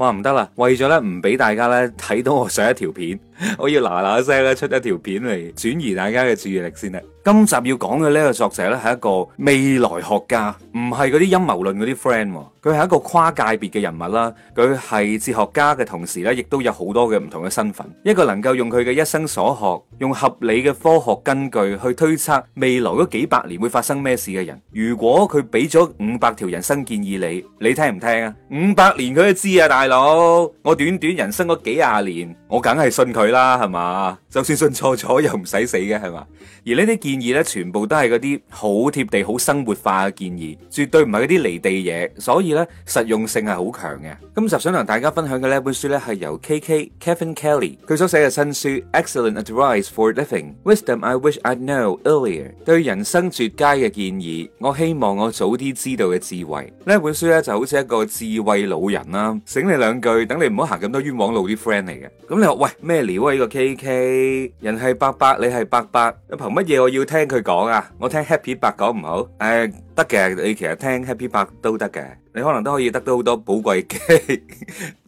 哇，唔得啦，為咗咧唔俾大家咧睇到我上一條片， 我要嗱嗱聲咧出一條片嚟轉移大家嘅注意力先啦。今集要講嘅呢個作者呢，係一個未來學家，唔係嗰啲陰謀論嗰啲 friend，佢係一個跨界別嘅人物啦。佢係哲學家嘅同時呢，亦都有好多嘅唔同嘅身份，一個能夠用佢嘅一生所學，用合理嘅科學根據去推測未來嗰幾百年會發生咩事嘅人。如果佢俾咗五百條人生建議你，你聽唔聽啊？五百年佢都知啊，大佬，我短短人生嗰幾廿年，我梗係信佢啦，係嘛？就算信錯咗又唔使死嘅，係嘛？而呢啲建建議咧，全部都係嗰啲好貼地、好生活化嘅建議，絕對唔係嗰啲離地嘢，所以咧實用性係好強嘅。今集想同大家分享嘅咧，本書咧係由 K K Kevin Kelly 佢所寫嘅新書《Excellent Advice for Living Wisdom I Wish I Know Earlier》，對人生絕佳嘅建議，我希望我早啲知道嘅智慧。呢一本書咧就好似一個智慧老人啦、啊，醒你兩句，等你唔好行咁多冤枉路啲 friend 嚟嘅。咁你話喂咩料啊呢、呢個 K K，人係伯伯，你係伯伯，憑乜嘢我要？要聽佢講啊！我聽 Happy 八講唔好，誒得嘅，你其實聽 Happy 八都得嘅，你可能都可以得到好多寶貴嘅，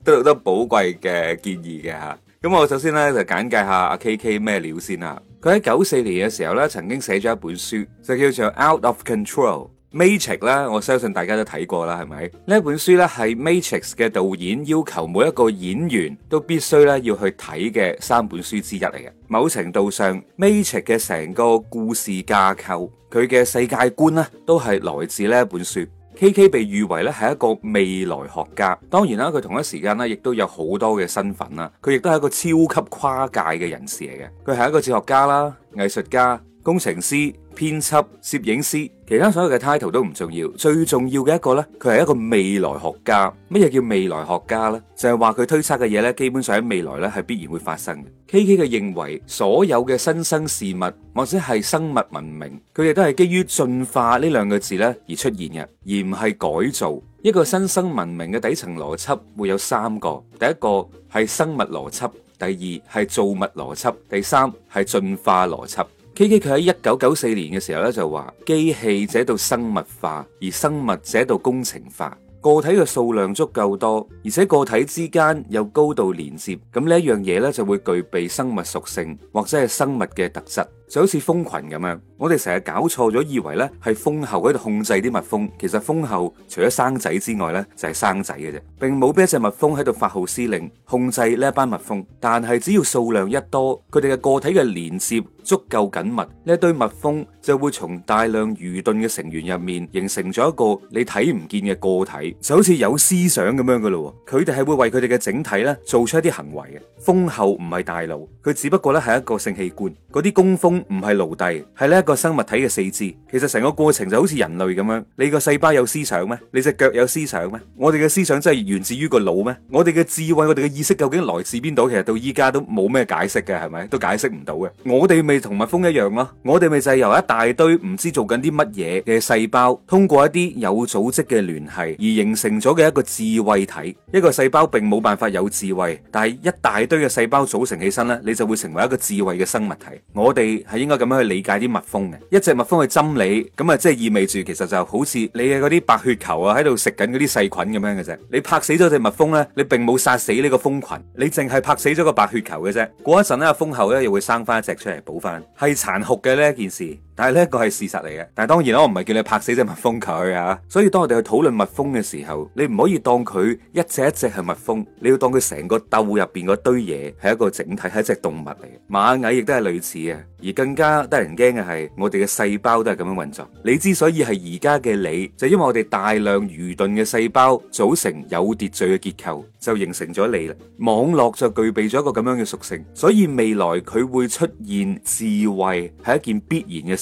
得到好多寶貴嘅建議嘅嚇。咁我首先咧就簡介下阿 KK 咩料先啊。佢喺九四年嘅時候咧曾經寫咗一本書，就叫做《Out of Control》。Matrix 咧，我相信大家都睇過啦，係咪？呢本書咧係 Matrix 嘅導演要求每一個演員都必須咧要去睇嘅三本書之一嚟嘅。某程度上，Matrix 嘅成個故事架構，佢嘅世界觀咧都係來自呢本書。KK 被譽為咧係一個未來學家，當然啦，佢同一時間咧亦都有好多嘅身份啦，佢亦都係一個超級跨界嘅人士嚟嘅。佢係一個哲學家啦，藝術家、工程師、編輯、攝影師，其他所有嘅 title 都唔重要，最重要嘅一個呢，佢係一個未來學家。乜嘢叫未來學家呢？就係話佢推測嘅嘢呢，基本上喺未來呢係必然會發生嘅。KK 嘅認為，所有嘅新生事物或者係生物文明，佢哋都係基於進化呢兩個字呢而出現嘅，而唔係改造。一個新生文明嘅底層邏輯會有三個：第一個係生物邏輯，第二係造物邏輯，第三係進化邏輯。K.K. 佢喺一九九四年嘅時候咧就話，機器者到生物化，而生物者到工程化。個體嘅數量足夠多，而且個體之間有高度連接，咁呢一樣嘢咧就會具備生物屬性，或者係生物嘅特質。就好似蜂群咁樣，我哋成日搞錯咗，以為呢係蜂后喺度控制啲蜜蜂。其實蜂后除咗生仔之外呢，就係生仔嘅啫，並冇俾一隻蜜蜂喺度發號施令控制呢一班蜜蜂。但係只要數量一多，佢哋嘅個體嘅連接足夠緊密，呢一堆蜜蜂就會從大量愚鈍嘅成員入面形成咗一個你睇唔見嘅個體，就好似有思想咁樣嘅咯。佢哋係會為佢哋嘅整體呢做出一啲行為嘅。蜂后唔係大腦，佢只不過呢係一個性器官，嗰啲工蜂。唔係奴隸，係呢一個生物體嘅四肢。其實成個過程就好似人類咁樣，你個細胞有思想咩？你隻腳有思想咩？我哋嘅思想真係源自於個腦咩？我哋嘅智慧、我哋嘅意識究竟來自邊度？其實到依家都冇咩解釋嘅，係咪都解釋唔到嘅？我哋咪同蜜蜂一樣咯，我哋咪就係由一大堆唔知做緊啲乜嘢嘅細胞，通過一啲有組織嘅聯繫而形成咗嘅一個智慧體。一個細胞並冇辦法有智慧，但係一大堆嘅細胞組成起身咧，你就會成為一個智慧嘅生物體。我哋。係應該咁樣去理解啲蜜蜂嘅，一隻蜜蜂去針你，咁啊即係意味住其實就好似你嘅嗰啲白血球啊，喺度食緊嗰啲細菌咁樣嘅啫。你拍死咗隻蜜蜂咧，你並冇殺死呢個蜂群，你淨係拍死咗個白血球嘅啫。過一陣咧，蜂後咧又會生翻一隻出嚟補翻，係殘酷嘅呢一件事。但係呢一個係事實嚟嘅，但係當然啦，我唔係叫你拍死隻蜜蜂佢啊，所以當我哋去討論蜜蜂嘅時候，你唔可以當佢一隻一隻係蜜蜂，你要當佢成個竇入邊嗰堆嘢係一個整體，係一隻動物嚟嘅。螞蟻亦都係類似嘅，而更加得人驚嘅係我哋嘅細胞都係咁樣運作。你之所以係而家嘅你，就是、因為我哋大量愚鈍嘅細胞組成有秩序嘅結構，就形成咗你啦。網絡就具備咗一個咁樣嘅屬性，所以未來佢會出現智慧，係一件必然嘅。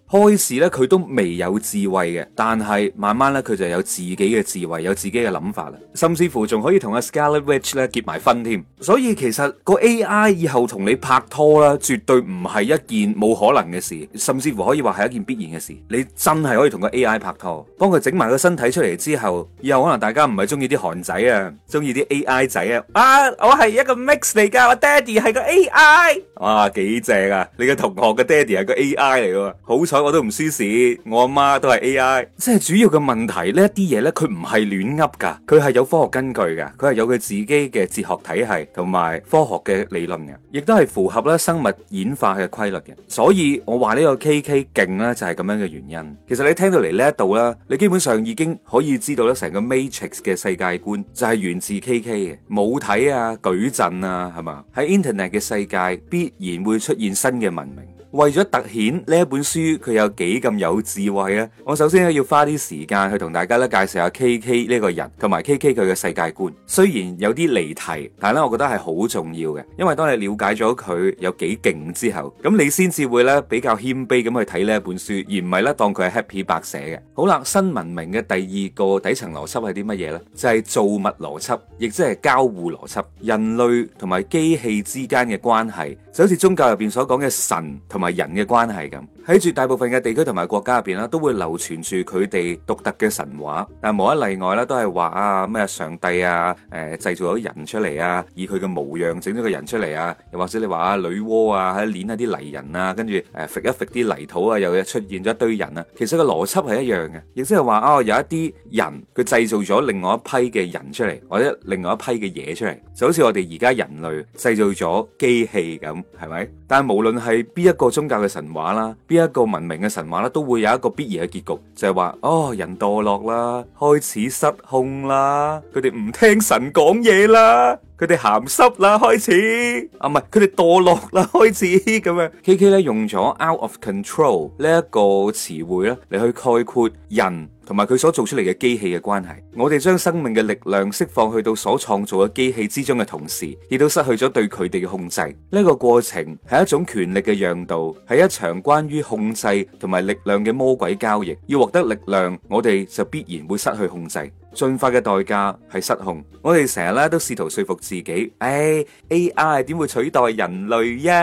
開始咧佢都未有智慧嘅，但係慢慢咧佢就有自己嘅智慧，有自己嘅諗法啦。甚至乎仲可以同阿 Scarlett Witch 咧結埋婚添。所以其實個 AI 以後同你拍拖啦，絕對唔係一件冇可能嘅事，甚至乎可以話係一件必然嘅事。你真係可以同個 AI 拍拖，幫佢整埋個身體出嚟之後，以後可能大家唔係中意啲韓仔啊，中意啲 AI 仔啊。啊，我係一個 mix 嚟噶，我爹哋係個 AI。哇，幾正啊！你嘅同學嘅爹哋係個 AI 嚟，好彩我都唔輸蝕，我阿媽都係 AI。即係主要嘅問題呢一啲嘢呢，佢唔係亂噏㗎，佢係有科學根據㗎，佢係有佢自己嘅哲學體系同埋科學嘅理論嘅，亦都係符合啦生物演化嘅規律嘅。所以我話呢個 K K 勁呢，就係咁樣嘅原因。其實你聽到嚟呢一度咧，你基本上已經可以知道咧，成個 Matrix 嘅世界觀就係源自 K K 嘅母體啊、矩陣啊，係嘛？喺 Internet 嘅世界然會出現新嘅文明。為咗突顯呢一本書佢有幾咁有智慧咧，我首先咧要花啲時間去同大家咧介紹下 K.K. 呢個人同埋 K.K. 佢嘅世界觀。雖然有啲離題，但係咧我覺得係好重要嘅，因為當你了解咗佢有幾勁之後，咁你先至會咧比較謙卑咁去睇呢一本書，而唔係咧當佢係 happy 白寫嘅。好啦，新文明嘅第二個底層邏輯係啲乜嘢呢？就係造物邏輯，亦即係交互邏輯。人類同埋機器之間嘅關係，就好似宗教入邊所講嘅神同。同埋人嘅關係咁。喺絕大部分嘅地區同埋國家入邊啦，都會流傳住佢哋獨特嘅神話，但無一例外啦，都係話啊咩上帝啊，誒、呃、製造咗人出嚟啊，以佢嘅模樣整咗個人出嚟啊，又或者你話啊女媧啊喺捻下啲泥人啊，跟住誒揈一揈啲泥土啊，又出現咗一堆人啊，其實個邏輯係一樣嘅，亦即係話哦有一啲人佢製造咗另外一批嘅人出嚟，或者另外一批嘅嘢出嚟，就好似我哋而家人類製造咗機器咁，係咪？但無論係邊一個宗教嘅神話啦。呢一個文明嘅神話咧，都會有一個必然嘅結局，就係話，哦，人墮落啦，開始失控啦，佢哋唔聽神講嘢啦。佢哋鹹濕啦，開始啊，唔係佢哋墮落啦，開始咁樣。K K 咧用咗 out of control 呢一個詞彙咧嚟去概括人同埋佢所做出嚟嘅機器嘅關係。我哋將生命嘅力量釋放去到所創造嘅機器之中嘅同時，亦都失去咗對佢哋嘅控制。呢個過程係一種權力嘅讓渡，係一場關於控制同埋力量嘅魔鬼交易。要獲得力量，我哋就必然會失去控制。進化嘅代價係失控，我哋成日咧都試圖説服自己，誒、哎、A I 點會取代人類呀、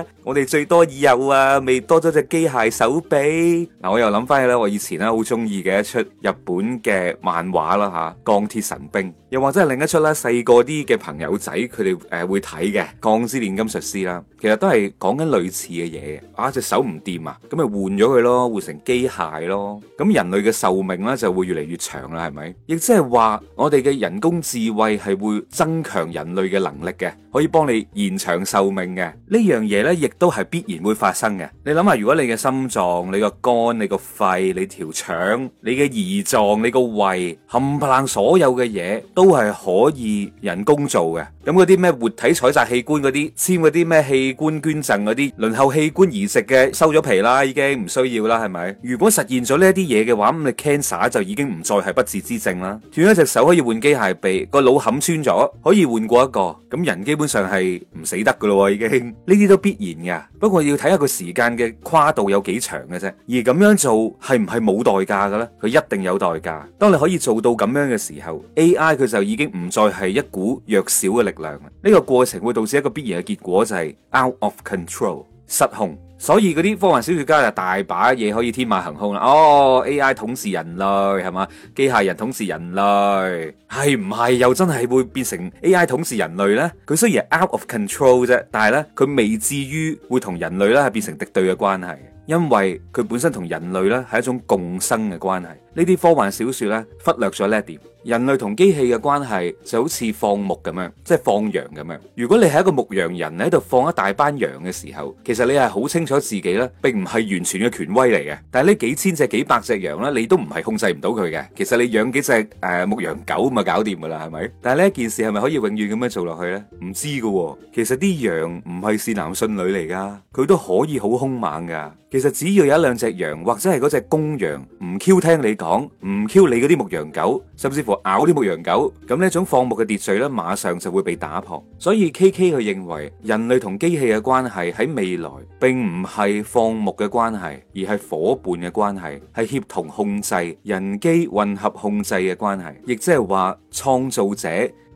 啊？我哋最多以後啊，未多咗隻機械手臂。嗱，我又諗翻起咧，我以前咧好中意嘅一出日本嘅漫畫啦嚇，《鋼鐵神兵》。又或者係另一出啦，細個啲嘅朋友仔，佢哋誒會睇嘅《鋼之煉金術師》啦，其實都係講緊類似嘅嘢。啊，隻手唔掂啊，咁咪換咗佢咯，換成機械咯。咁人類嘅壽命咧就會越嚟越長啦，係咪？亦即係話，我哋嘅人工智慧係會增強人類嘅能力嘅。可以幫你延長壽命嘅呢樣嘢呢，亦都係必然會發生嘅。你諗下，如果你嘅心臟、你個肝、你個肺、你條腸、你嘅胰臟、你個胃，冚唪唥所有嘅嘢都係可以人工做嘅。咁嗰啲咩活體採集器官嗰啲，簽嗰啲咩器官捐贈嗰啲，輪候器官移植嘅收咗皮啦，已經唔需要啦，係咪？如果實現咗呢一啲嘢嘅話，咁你 cancer 就已經唔再係不治之症啦。斷咗隻手可以換機械臂，個腦冚穿咗可以換過一個，咁人基本上係唔死得噶咯，已經呢啲 都必然噶。不過要睇下個時間嘅跨度有幾長嘅啫。而咁樣做係唔係冇代價嘅咧？佢一定有代價。當你可以做到咁樣嘅時候，AI 佢就已經唔再係一股弱小嘅力量，呢個過程會導致一個必然嘅結果，就係 out of control，失控，所以嗰啲科幻小說家就大把嘢可以天馬行空啦。哦，AI 統治人類係嘛，機械人統治人類係唔係又真係會變成 AI 統治人類呢？佢雖然 out of control 啫，但係呢佢未至於會同人類咧變成敵對嘅關係，因為佢本身同人類咧係一種共生嘅關係。呢啲科幻小説咧忽略咗呢一點，人類同機器嘅關係就好似放牧咁樣，即係放羊咁樣。如果你係一個牧羊人，喺度放一大班羊嘅時候，其實你係好清楚自己咧並唔係完全嘅權威嚟嘅。但係呢幾千隻幾百隻羊咧，你都唔係控制唔到佢嘅。其實你養幾隻誒、呃、牧羊狗咪搞掂噶啦，係咪？但係呢件事係咪可以永遠咁樣做落去呢？唔知噶、哦。其實啲羊唔係善男信女嚟噶，佢都可以好兇猛噶。其實只要有一兩隻羊或者係嗰隻公羊唔 Q 聽你。.講唔 Q 你嗰啲牧羊狗，甚至乎咬啲牧羊狗，咁呢一種放牧嘅秩序呢，馬上就會被打破。所以 KK 佢認為，人類同機器嘅關係喺未來，並唔係放牧嘅關係，而係伙伴嘅關係，係協同控制、人機混合控制嘅關係，亦即係話創造者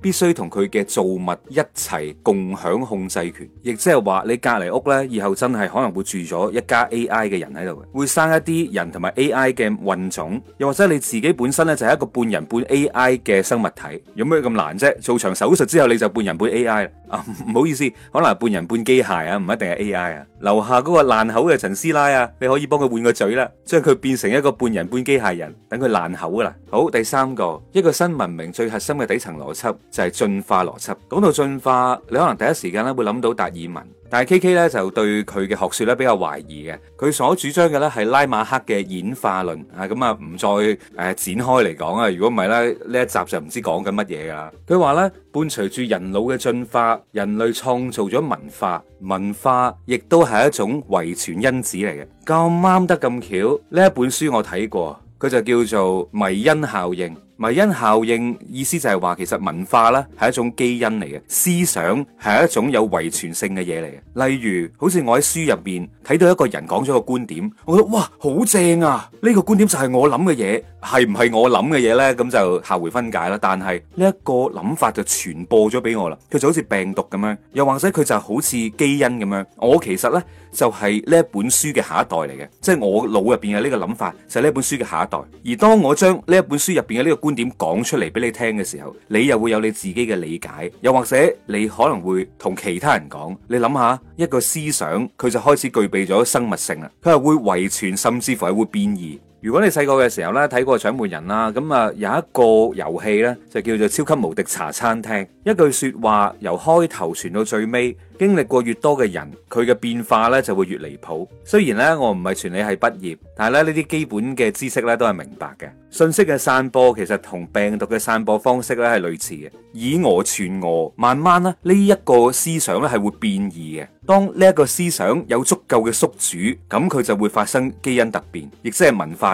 必須同佢嘅造物一齊共享控制權，亦即係話你隔離屋呢，以後真係可能會住咗一家 AI 嘅人喺度嘅，會生一啲人同埋 AI 嘅混種，又或者你自己本身呢就係一個半人半 AI 嘅生物體，有咩咁難啫？做場手術之後你就半人半 AI 啦。唔好意思，可能半人半機械啊，唔一定係 AI 啊。樓下嗰個爛口嘅陳師奶啊，你可以幫佢換個嘴啦，將佢變成一個半人半機械人，等佢爛口㗎啦。好，第三個一個新文明最核心嘅底層邏輯，就係進化邏輯。講到進化，你可能第一時間咧會諗到達爾文，但係 K K 咧就對佢嘅學說咧比較懷疑嘅。佢所主張嘅咧係拉馬克嘅演化論啊，咁啊唔再誒、呃、展開嚟講啊。如果唔係咧，呢一集就唔知講緊乜嘢㗎啦。佢話咧，伴隨住人腦嘅進化，人類創造咗文化，文化亦都係一種遺傳因子嚟嘅。咁啱得咁巧，呢一本書我睇過，佢就叫做《迷因效應》。迷因效應意思就係話，其實文化呢係一種基因嚟嘅，思想係一種有遺傳性嘅嘢嚟嘅。例如，好似我喺書入邊睇到一個人講咗個觀點，我覺得哇好正啊！呢個觀點就係我諗嘅嘢，係唔係我諗嘅嘢呢？咁就下回分解啦。但係呢一個諗法就傳播咗俾我啦，佢就好似病毒咁樣，又或者佢就好似基因咁樣。我其實呢就係呢一本書嘅下一代嚟嘅，即係我腦入邊嘅呢個諗法就係呢本書嘅下一代。而當我將呢一本書入邊嘅呢個觀點講出嚟俾你聽嘅時候，你又會有你自己嘅理解，又或者你可能會同其他人講。你諗下，一個思想佢就開始具備咗生物性啦，佢係會遺傳，甚至乎係會變異。如果你細個嘅時候咧睇過《獎門人》啦，咁啊有一個遊戲呢，就叫做《超級無敵茶餐廳》。一句說話由開頭傳到最尾，經歷過越多嘅人，佢嘅變化呢就會越離譜。雖然呢，我唔係傳理系畢業，但係咧呢啲基本嘅知識呢都係明白嘅。信息嘅散播其實同病毒嘅散播方式呢係類似嘅，以訛傳訛，慢慢呢，呢一個思想呢係會變異嘅。當呢一個思想有足夠嘅宿主，咁佢就會發生基因突變，亦即係文化。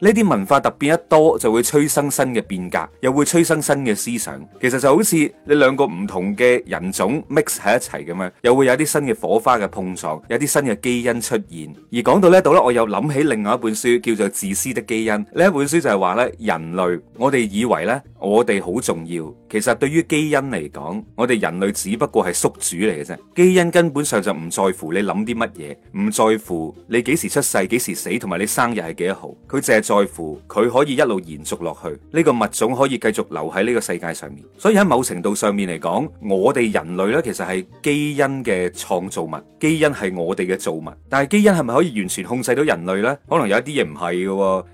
呢啲文化突變一多，就會催生新嘅變革，又會催生新嘅思想。其實就好似你兩個唔同嘅人種 mix 喺一齊咁樣，又會有啲新嘅火花嘅碰撞，有啲新嘅基因出現。而講到呢度呢，我又諗起另外一本書叫做《自私的基因》，呢一本書就係話呢，人類，我哋以為呢，我哋好重要，其實對於基因嚟講，我哋人類只不過係宿主嚟嘅啫。基因根本上就唔在乎你諗啲乜嘢，唔在乎你幾時出世、幾時死，同埋你生日係幾多號，佢淨係在乎佢可以一路延續落去，呢個物種可以繼續留喺呢個世界上面。所以喺某程度上面嚟講，我哋人類咧其實係基因嘅創造物，基因係我哋嘅造物。但係基因係咪可以完全控制到人類咧？可能有一啲嘢唔係嘅，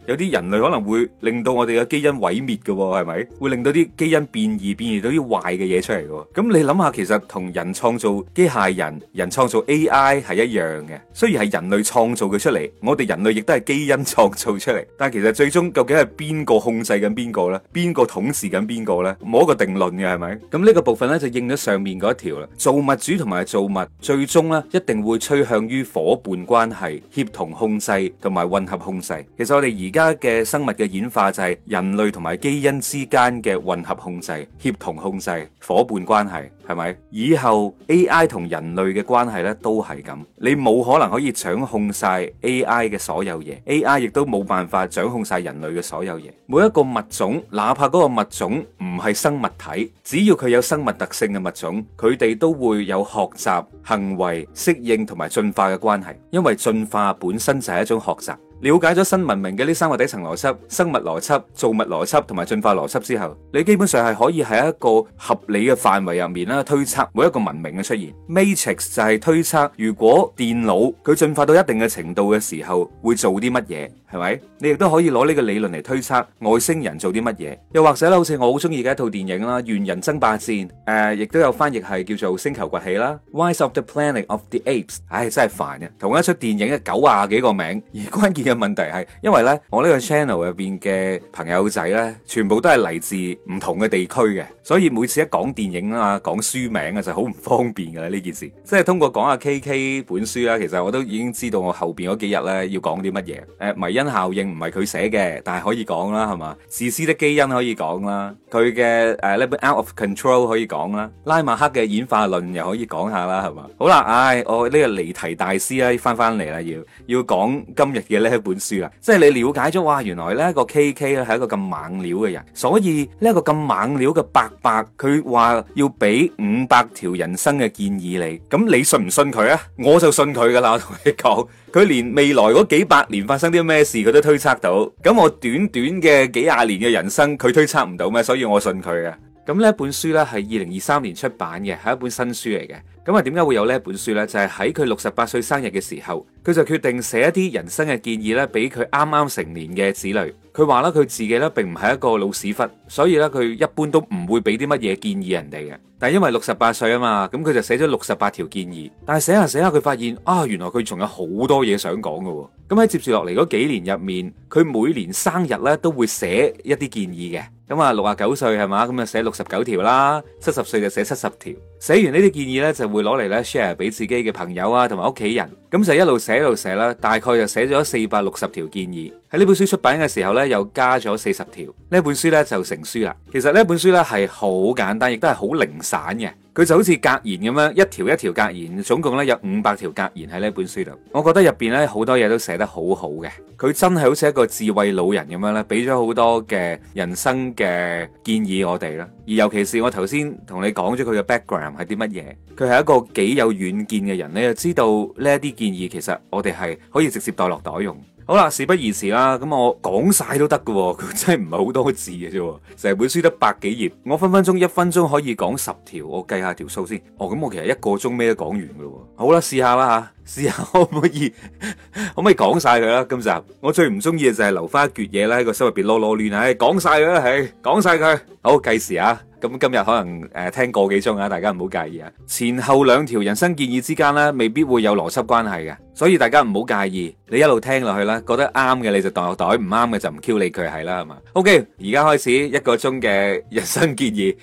有啲人類可能會令到我哋嘅基因毀滅嘅，係咪？會令到啲基因變異，變異到啲壞嘅嘢出嚟嘅。咁你諗下，其實同人創造機械人、人創造 AI 係一樣嘅。雖然係人類創造佢出嚟，我哋人類亦都係基因創造出嚟。但係其實最終究竟係邊個控制緊邊個呢？邊個統治緊邊個呢？冇一個定論嘅係咪？咁呢個部分呢就應咗上面嗰一條啦。造物主同埋造物最終呢一定會趨向於伙伴關係、協同控制同埋混合控制。其實我哋而家嘅生物嘅演化就係人類同埋基因之間嘅混合控制、協同控制、伙伴關係，係咪？以後 AI 同人類嘅關係呢都係咁，你冇可能可以掌控晒 AI 嘅所有嘢，AI 亦都冇辦法。掌控晒人類嘅所有嘢，每一個物種，哪怕嗰個物種唔係生物體，只要佢有生物特性嘅物種，佢哋都會有學習、行為、適應同埋進化嘅關係。因為進化本身就係一種學習。了解咗新文明嘅呢三個底層邏輯、生物邏輯、造物邏輯同埋進化邏輯之後，你基本上係可以喺一個合理嘅範圍入面啦，推測每一個文明嘅出現。Matrix 就係推測，如果電腦佢進化到一定嘅程度嘅時候，會做啲乜嘢？係咪？你亦都可以攞呢個理論嚟推測外星人做啲乜嘢？又或者咧，好似我好中意嘅一套電影啦，《猿人爭霸戰》誒，亦、呃、都有翻譯係叫做《星球崛起》啦，《Rise of the Planet of the Apes》。唉，真係煩嘅。同一出電影嘅九廿幾個名。而關鍵嘅問題係，因為呢，我呢個 channel 入邊嘅朋友仔呢，全部都係嚟自唔同嘅地區嘅，所以每次一講電影啊，講書名啊，就好唔方便㗎喇呢件事。即係通過講下 K K 本書啊，其實我都已經知道我後邊嗰幾日呢要講啲乜嘢。誒、呃，米效應唔係佢寫嘅，但係可以講啦，係嘛？自私的基因可以講啦，佢嘅誒呢本 Out of Control 可以講啦，拉馬克嘅演化論又可以講下啦，係嘛？好啦，唉、哎，我呢個離題大師咧，翻翻嚟啦，要要講今日嘅呢一本書啦，即係你了解咗，哇，原來呢個 KK 咧係一個咁猛料嘅人，所以呢一個咁猛料嘅伯伯，佢話要俾五百條人生嘅建議你，咁你信唔信佢啊？我就信佢噶啦，我同你講。佢連未來嗰幾百年發生啲咩事佢都推測到，咁我短短嘅幾廿年嘅人生佢推測唔到咩？所以我信佢嘅。咁呢本書呢，係二零二三年出版嘅，係一本新書嚟嘅。咁啊，點解會有呢本書呢？就係喺佢六十八歲生日嘅時候，佢就決定寫一啲人生嘅建議咧，俾佢啱啱成年嘅子女。佢話咧，佢自己呢並唔係一個老屎忽，所以呢，佢一般都唔會俾啲乜嘢建議人哋嘅。但係因為六十八歲啊嘛，咁佢就寫咗六十八條建議。但係寫下寫下，佢發現啊，原來佢仲有好多嘢想講嘅。咁、嗯、喺接住落嚟嗰幾年入面，佢每年生日呢，都會寫一啲建議嘅。咁啊，六啊九歲係嘛？咁啊寫六十九條啦，七十歲就寫七十條。寫完呢啲建議咧，就會攞嚟咧 share 俾自己嘅朋友啊，同埋屋企人，咁就一路寫一路寫啦。大概就寫咗四百六十條建議。喺呢本書出版嘅時候呢，又加咗四十條。呢本書呢，就成書啦。其實呢本書呢，係好簡單，亦都係好零散嘅。佢就好似格言咁樣，一條一條格言，總共呢，有五百條格言喺呢本書度。我覺得入邊呢，好多嘢都寫得好好嘅。佢真係好似一個智慧老人咁樣咧，俾咗好多嘅人生嘅建議我哋啦。而尤其是我頭先同你講咗佢嘅 background 係啲乜嘢，佢係一個幾有遠見嘅人，你又知道呢一啲建議其實我哋係可以直接帶落袋用。好啦，事不宜遲啦，咁我講晒都得嘅喎，佢真係唔係好多字嘅啫，成本書得百幾頁，我分分鐘一分鐘可以講十條，我計下條數先。哦，咁我其實一個鐘尾都講完噶啦，好啦，試下啦吓。試下可唔可以可唔可以講晒佢啦？今集我最唔中意嘅就係留翻一橛嘢咧喺個心入邊撈撈亂啊！講晒佢啦，係講晒佢。好計時啊！咁今日可能誒聽個幾鐘啊，大家唔好介意啊。前後兩條人生建議之間咧，未必會有邏輯關係嘅，所以大家唔好介意。你一路聽落去啦，覺得啱嘅你就袋落袋，唔啱嘅就唔 Q 理佢係啦，係嘛？OK，而家開始一個鐘嘅人生建議。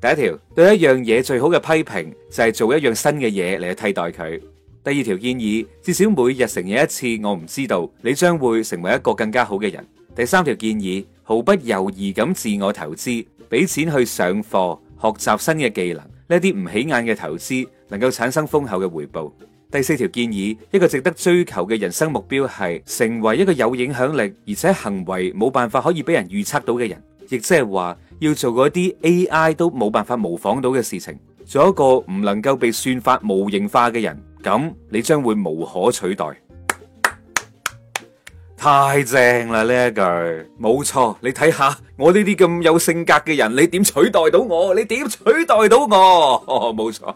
第一條，對一樣嘢最好嘅批評就係做一樣新嘅嘢嚟去替代佢。第二條建議，至少每日承認一次，我唔知道你將會成為一個更加好嘅人。第三條建議，毫不猶豫咁自我投資，俾錢去上課學習新嘅技能呢啲唔起眼嘅投資，能夠產生豐厚嘅回報。第四條建議，一個值得追求嘅人生目標係成為一個有影響力而且行為冇辦法可以俾人預測到嘅人，亦即係話要做嗰啲 A.I. 都冇辦法模仿到嘅事情，做一個唔能夠被算法模型化嘅人。咁你將會無可取代， 太正啦，呢一句，冇錯。你睇下我呢啲咁有性格嘅人，你點取代到我？你點取代到我？冇 錯。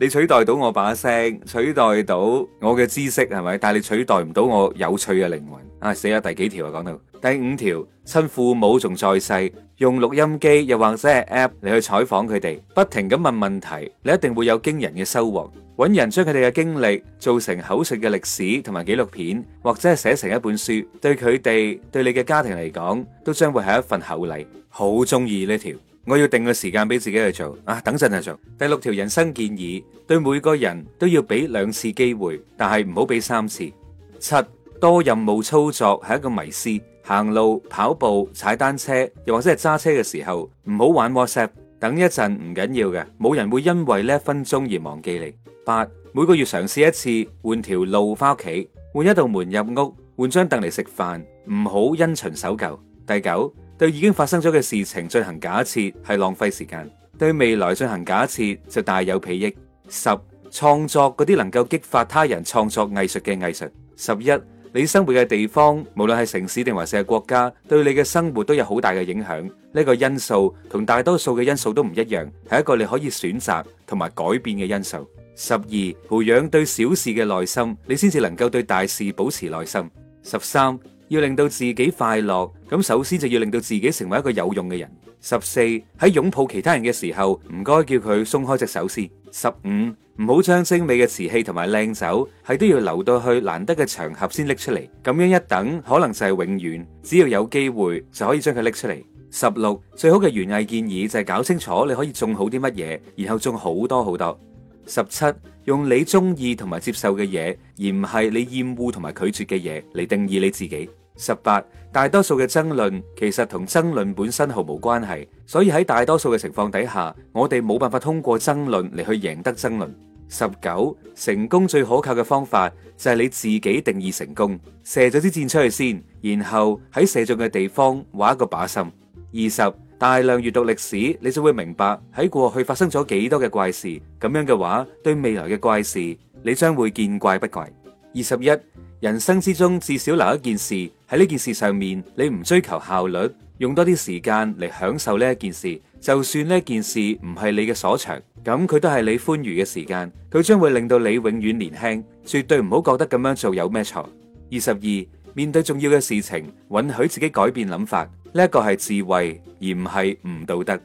你取代到我把聲，取代到我嘅知識係咪？但係你取代唔到我有趣嘅靈魂。啊，死喇，第幾條啊？講到第五條，趁父母仲在世，用錄音機又或者係 App 嚟去採訪佢哋，不停咁問問題，你一定會有驚人嘅收穫。揾人將佢哋嘅經歷做成口述嘅歷史同埋紀錄片，或者係寫成一本書，對佢哋對你嘅家庭嚟講，都將會係一份厚禮。好中意呢條。我要定個時間俾自己去做啊！等陣再做。第六條人生建議，對每個人都要俾兩次機會，但係唔好俾三次。七，多任務操作係一個迷思。行路、跑步、踩單車，又或者係揸車嘅時候，唔好玩 WhatsApp。等一陣唔緊要嘅，冇人會因為呢一分鐘而忘記你。八，每個月嘗試一次換條路翻屋企，換一道門入屋，換張凳嚟食飯，唔好因循守舊。第九。對已經發生咗嘅事情進行假設係浪費時間，對未來進行假設就大有裨益。十創作嗰啲能夠激發他人創作藝術嘅藝術。十一你生活嘅地方，無論係城市定還是個國家，對你嘅生活都有好大嘅影響。呢個因素同大多數嘅因素都唔一樣，係一個你可以選擇同埋改變嘅因素。十二培養對小事嘅耐心，你先至能夠對大事保持耐心。十三。要令到自己快樂，咁首先就要令到自己成為一個有用嘅人。十四喺擁抱其他人嘅時候，唔該叫佢鬆開隻手先。十五唔好將精美嘅瓷器同埋靚酒，係都要留到去難得嘅場合先拎出嚟。咁樣一等，可能就係永遠。只要有機會，就可以將佢拎出嚟。十六最好嘅園藝建議就係搞清楚你可以種好啲乜嘢，然後種好多好多。十七用你中意同埋接受嘅嘢，而唔係你厭惡同埋拒絕嘅嘢嚟定義你自己。十八，18，大多數嘅爭論其實同爭論本身毫無關係，所以喺大多數嘅情況底下，我哋冇辦法通過爭論嚟去贏得爭論。十九，成功最可靠嘅方法就係、是、你自己定義成功。射咗支箭出去先，然後喺射中嘅地方畫一個靶心。二十，大量閱讀歷史，你就會明白喺過去發生咗幾多嘅怪事。咁樣嘅話，對未來嘅怪事，你將會見怪不怪。二十一，人生之中至少留一件事。喺呢件事上面，你唔追求效率，用多啲時間嚟享受呢一件事，就算呢件事唔係你嘅所長，咁佢都係你歡愉嘅時間，佢將會令到你永遠年輕，絕對唔好覺得咁樣做有咩錯。二十二，面對重要嘅事情，允許自己改變諗法，呢一個係智慧而唔係唔道德。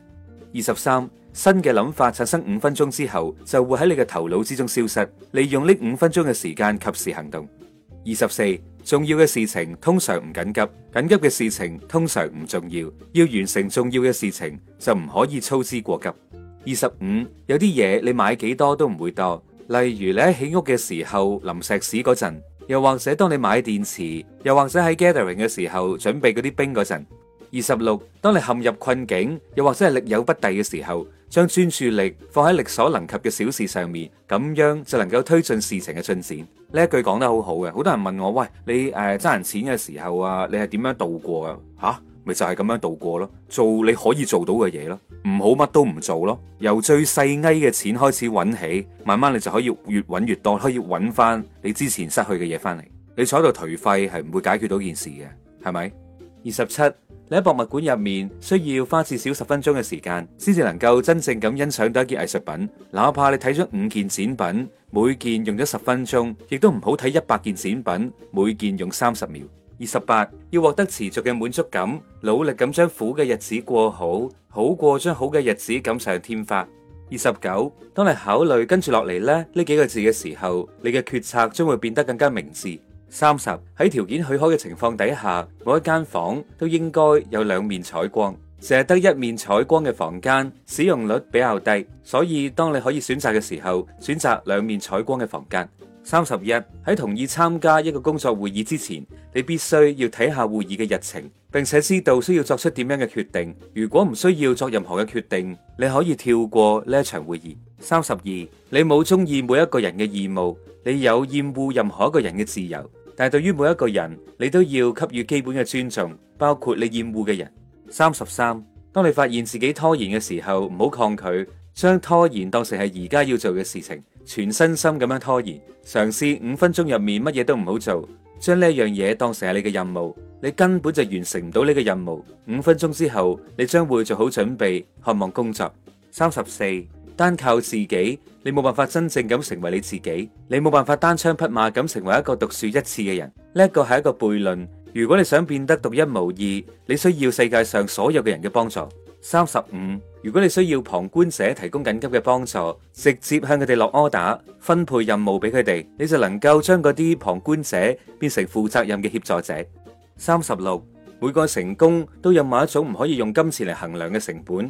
二十三，新嘅諗法產生五分鐘之後，就會喺你嘅頭腦之中消失，利用呢五分鐘嘅時間及時行動。二十四。重要嘅事情通常唔緊急，緊急嘅事情通常唔重要。要完成重要嘅事情就唔可以操之過急。二十五，有啲嘢你買幾多都唔會多，例如你喺起屋嘅時候淋石屎嗰陣，又或者當你買電池，又或者喺 gathering 嘅時候準備嗰啲冰嗰陣。二十六，當你陷入困境，又或者係力有不逮嘅時候，將專注力放喺力所能及嘅小事上面，咁樣就能夠推進事情嘅進展。呢一句講得好好嘅，好多人問我，喂，你誒，爭人錢嘅時候啊，你係點樣度過啊？吓，咪就係咁樣度過咯，做你可以做到嘅嘢咯，唔好乜都唔做咯。由最細微嘅錢開始揾起，慢慢你就可以越揾越多，可以揾翻你之前失去嘅嘢翻嚟。你坐喺度頹廢係唔會解決到件事嘅，係咪？二十七。你喺博物館入面需要花至少十分鐘嘅時間，先至能夠真正咁欣賞到一件藝術品。哪怕你睇咗五件展品，每件用咗十分鐘，亦都唔好睇一百件展品，每件用三十秒。二十八，要獲得持續嘅滿足感，努力咁將苦嘅日子過好，好過將好嘅日子錦上添花。二十九，當你考慮跟住落嚟咧呢幾個字嘅時候，你嘅決策將會變得更加明智。三十，喺條件許可嘅情況底下，每一間房都應該有兩面採光。淨係得一面採光嘅房間，使用率比較低。所以當你可以選擇嘅時候，選擇兩面採光嘅房間。三十一，喺同意參加一個工作會議之前，你必須要睇下會議嘅日程，並且知道需要作出點樣嘅決定。如果唔需要作任何嘅決定，你可以跳過呢一場會議。三十二，你冇中意每一個人嘅義務，你有厭惡任何一個人嘅自由。但係對於每一個人，你都要給予基本嘅尊重，包括你厭惡嘅人。三十三，當你發現自己拖延嘅時候，唔好抗拒，將拖延當成係而家要做嘅事情，全身心咁樣拖延，嘗試五分鐘入面，乜嘢都唔好做，將呢樣嘢當成係你嘅任務，你根本就完成唔到呢個任務。五分鐘之後，你將會做好準備，渴望工作。三十四。單靠自己，你冇辦法真正咁成為你自己，你冇辦法單槍匹馬咁成為一個獨樹一幟嘅人。呢個係一個悖論。如果你想變得獨一無二，你需要世界上所有嘅人嘅幫助。三十五，如果你需要旁觀者提供緊急嘅幫助，直接向佢哋落 order，分配任務俾佢哋，你就能夠將嗰啲旁觀者變成負責任嘅協助者。三十六，每個成功都有某一種唔可以用金錢嚟衡量嘅成本。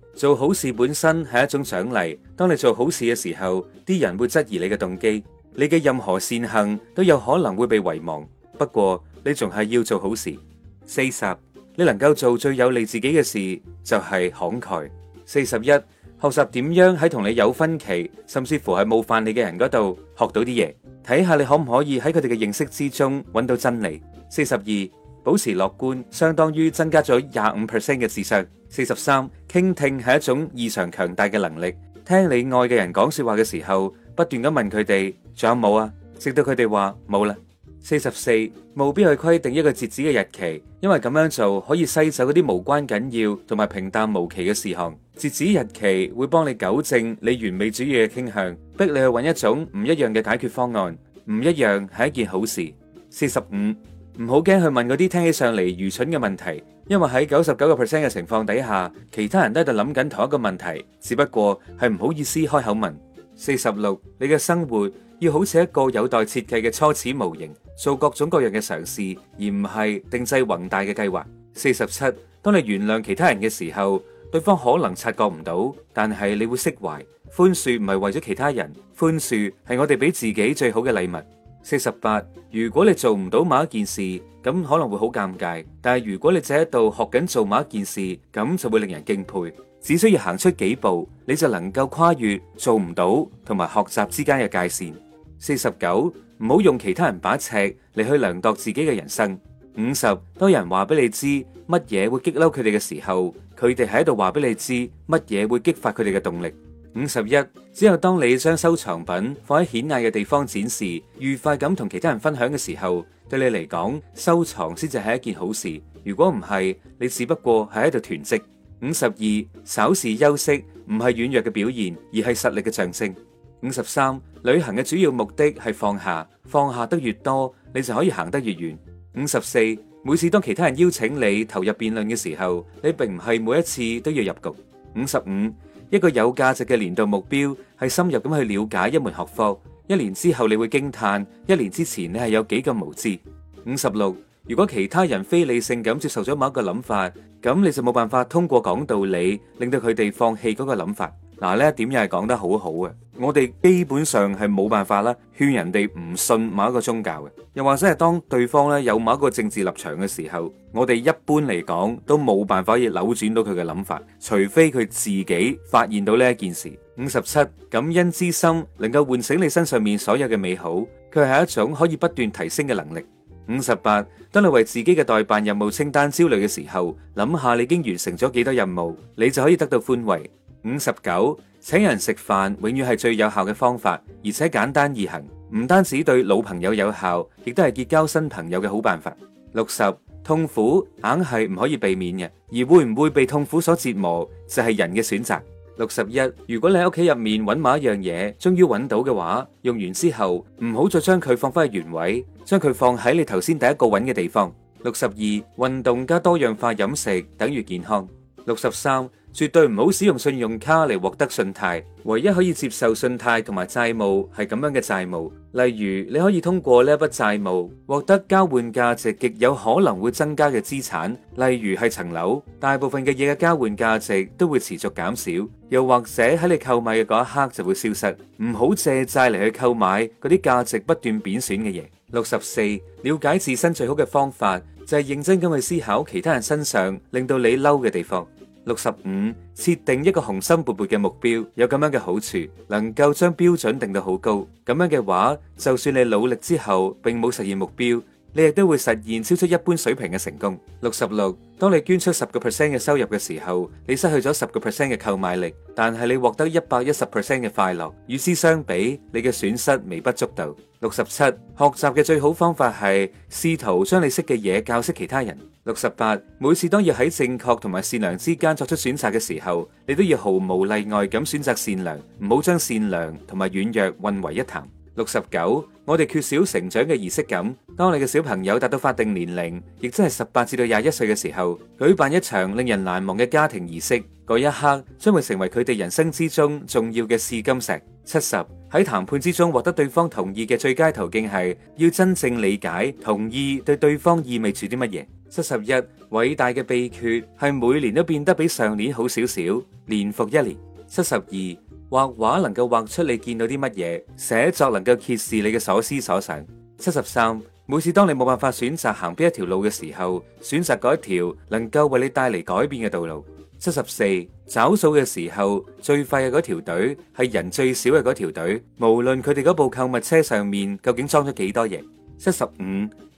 做好事本身係一種獎勵，當你做好事嘅時候，啲人會質疑你嘅動機，你嘅任何善行都有可能會被遺忘。不過你仲係要做好事。四十，你能夠做最有利自己嘅事就係慷慨。四十一，學習點樣喺同你有分歧，甚至乎係冒犯你嘅人嗰度學到啲嘢，睇下你可唔可以喺佢哋嘅認識之中揾到真理。四十二。保持樂觀，相當於增加咗廿五 percent 嘅智商。四十三，傾聽係一種異常強大嘅能力。聽你愛嘅人講說話嘅時候，不斷咁問佢哋仲有冇啊，直到佢哋話冇啦。四十四，務必去規定一個截止嘅日期，因為咁樣做可以篩走嗰啲無關緊要同埋平淡無奇嘅事項。截止日期會幫你糾正你完美主義嘅傾向，逼你去揾一種唔一樣嘅解決方案。唔一樣係一件好事。四十五。唔好驚去問嗰啲聽起上嚟愚蠢嘅問題，因為喺九十九個 percent 嘅情況底下，其他人都喺度諗緊同一個問題，只不過係唔好意思開口問。四十六，你嘅生活要好似一個有待設計嘅初始模型，做各種各樣嘅嘗試，而唔係定製宏大嘅計劃。四十七，當你原諒其他人嘅時候，對方可能察覺唔到，但係你會釋懷。寬恕唔係為咗其他人，寬恕係我哋俾自己最好嘅禮物。四十八，48，如果你做唔到某一件事，咁可能會好尷尬。但係如果你就喺度學緊做某一件事，咁就會令人敬佩。只需要行出幾步，你就能夠跨越做唔到同埋學習之間嘅界線。四十九，唔好用其他人把尺嚟去量度自己嘅人生。五十，當人話俾你知乜嘢會激嬲佢哋嘅時候，佢哋喺度話俾你知乜嘢會激發佢哋嘅動力。五十一，51, 只有當你將收藏品放喺顯眼嘅地方展示，愉快咁同其他人分享嘅時候，對你嚟講，收藏先至係一件好事。如果唔係，你只不過係喺度囤積。五十二，稍事休息，唔係軟弱嘅表現，而係實力嘅象徵。五十三，旅行嘅主要目的係放下，放下得越多，你就可以行得越遠。五十四，每次當其他人邀請你投入辯論嘅時候，你並唔係每一次都要入局。五十五，一個有價值嘅年度目標係深入咁去了解一門學科。一年之後你會驚嘆，一年之前你係有幾咁無知。五十六，如果其他人非理性咁接受咗某一個諗法，咁你就冇辦法通過講道理令到佢哋放棄嗰個諗法。嗱，呢一點又係講得好好嘅，我哋基本上係冇辦法啦，勸人哋唔信某一個宗教嘅，又或者係當對方咧有某一個政治立場嘅時候，我哋一般嚟講都冇辦法可以扭轉到佢嘅諗法，除非佢自己發現到呢一件事。五十七，感恩之心能夠喚醒你身上面所有嘅美好，佢係一種可以不斷提升嘅能力。五十八，當你為自己嘅待辦任務清單焦慮嘅時候，諗下你已經完成咗幾多任務，你就可以得到寬慰。五十九，請人食飯永遠係最有效嘅方法，而且簡單易行，唔單止對老朋友有效，亦都係結交新朋友嘅好辦法。六十，痛苦硬係唔可以避免嘅，而會唔會被痛苦所折磨就係人嘅選擇。六十一，如果你喺屋企入面揾某一樣嘢，終於揾到嘅話，用完之後唔好再將佢放翻去原位，將佢放喺你頭先第一個揾嘅地方。六十二，運動加多樣化飲食等於健康。六十三，絕對唔好使用信用卡嚟獲得信貸，唯一可以接受信貸同埋債務係咁樣嘅債務，例如你可以通過呢一筆債務獲得交換價值極有可能會增加嘅資產，例如係層樓。大部分嘅嘢嘅交換價值都會持續減少，又或者喺你購買嘅嗰一刻就會消失。唔好借債嚟去購買嗰啲價值不斷貶損嘅嘢。六十四，64, 了解自身最好嘅方法就係、是、認真咁去思考其他人身上令到你嬲嘅地方。六十五，設定一個雄心勃勃嘅目標，有咁樣嘅好處，能夠將標準定到好高。咁樣嘅話，就算你努力之後，並冇實現目標。你亦都會實現超出一般水平嘅成功。六十六，當你捐出十個 percent 嘅收入嘅時候，你失去咗十個 percent 嘅購買力，但係你獲得一百一十 percent 嘅快樂。與之相比，你嘅損失微不足道。六十七，學習嘅最好方法係試圖將你識嘅嘢教識其他人。六十八，每次當要喺正確同埋善良之間作出選擇嘅時候，你都要毫無例外咁選擇善良，唔好將善良同埋軟弱混為一談。六十九，69，我哋缺少成長嘅儀式感。當你嘅小朋友達到法定年齡，亦即係十八至到廿一歲嘅時候，舉辦一場令人難忘嘅家庭儀式，嗰一刻將會成為佢哋人生之中重要嘅試金石。七十，喺談判之中獲得對方同意嘅最佳途徑係要真正理解同意對對方意味住啲乜嘢。七十一，偉大嘅秘訣係每年都變得比上年好少少，年復一年。七十二。畫畫能夠畫出你見到啲乜嘢，寫作能夠揭示你嘅所思所想。七十三，每次當你冇辦法選擇行邊一條路嘅時候，選擇嗰一條能夠為你帶嚟改變嘅道路。七十四，找數嘅時候，最快嘅嗰條隊係人最少嘅嗰條隊，無論佢哋嗰部購物車上面究竟裝咗幾多嘢。七十五，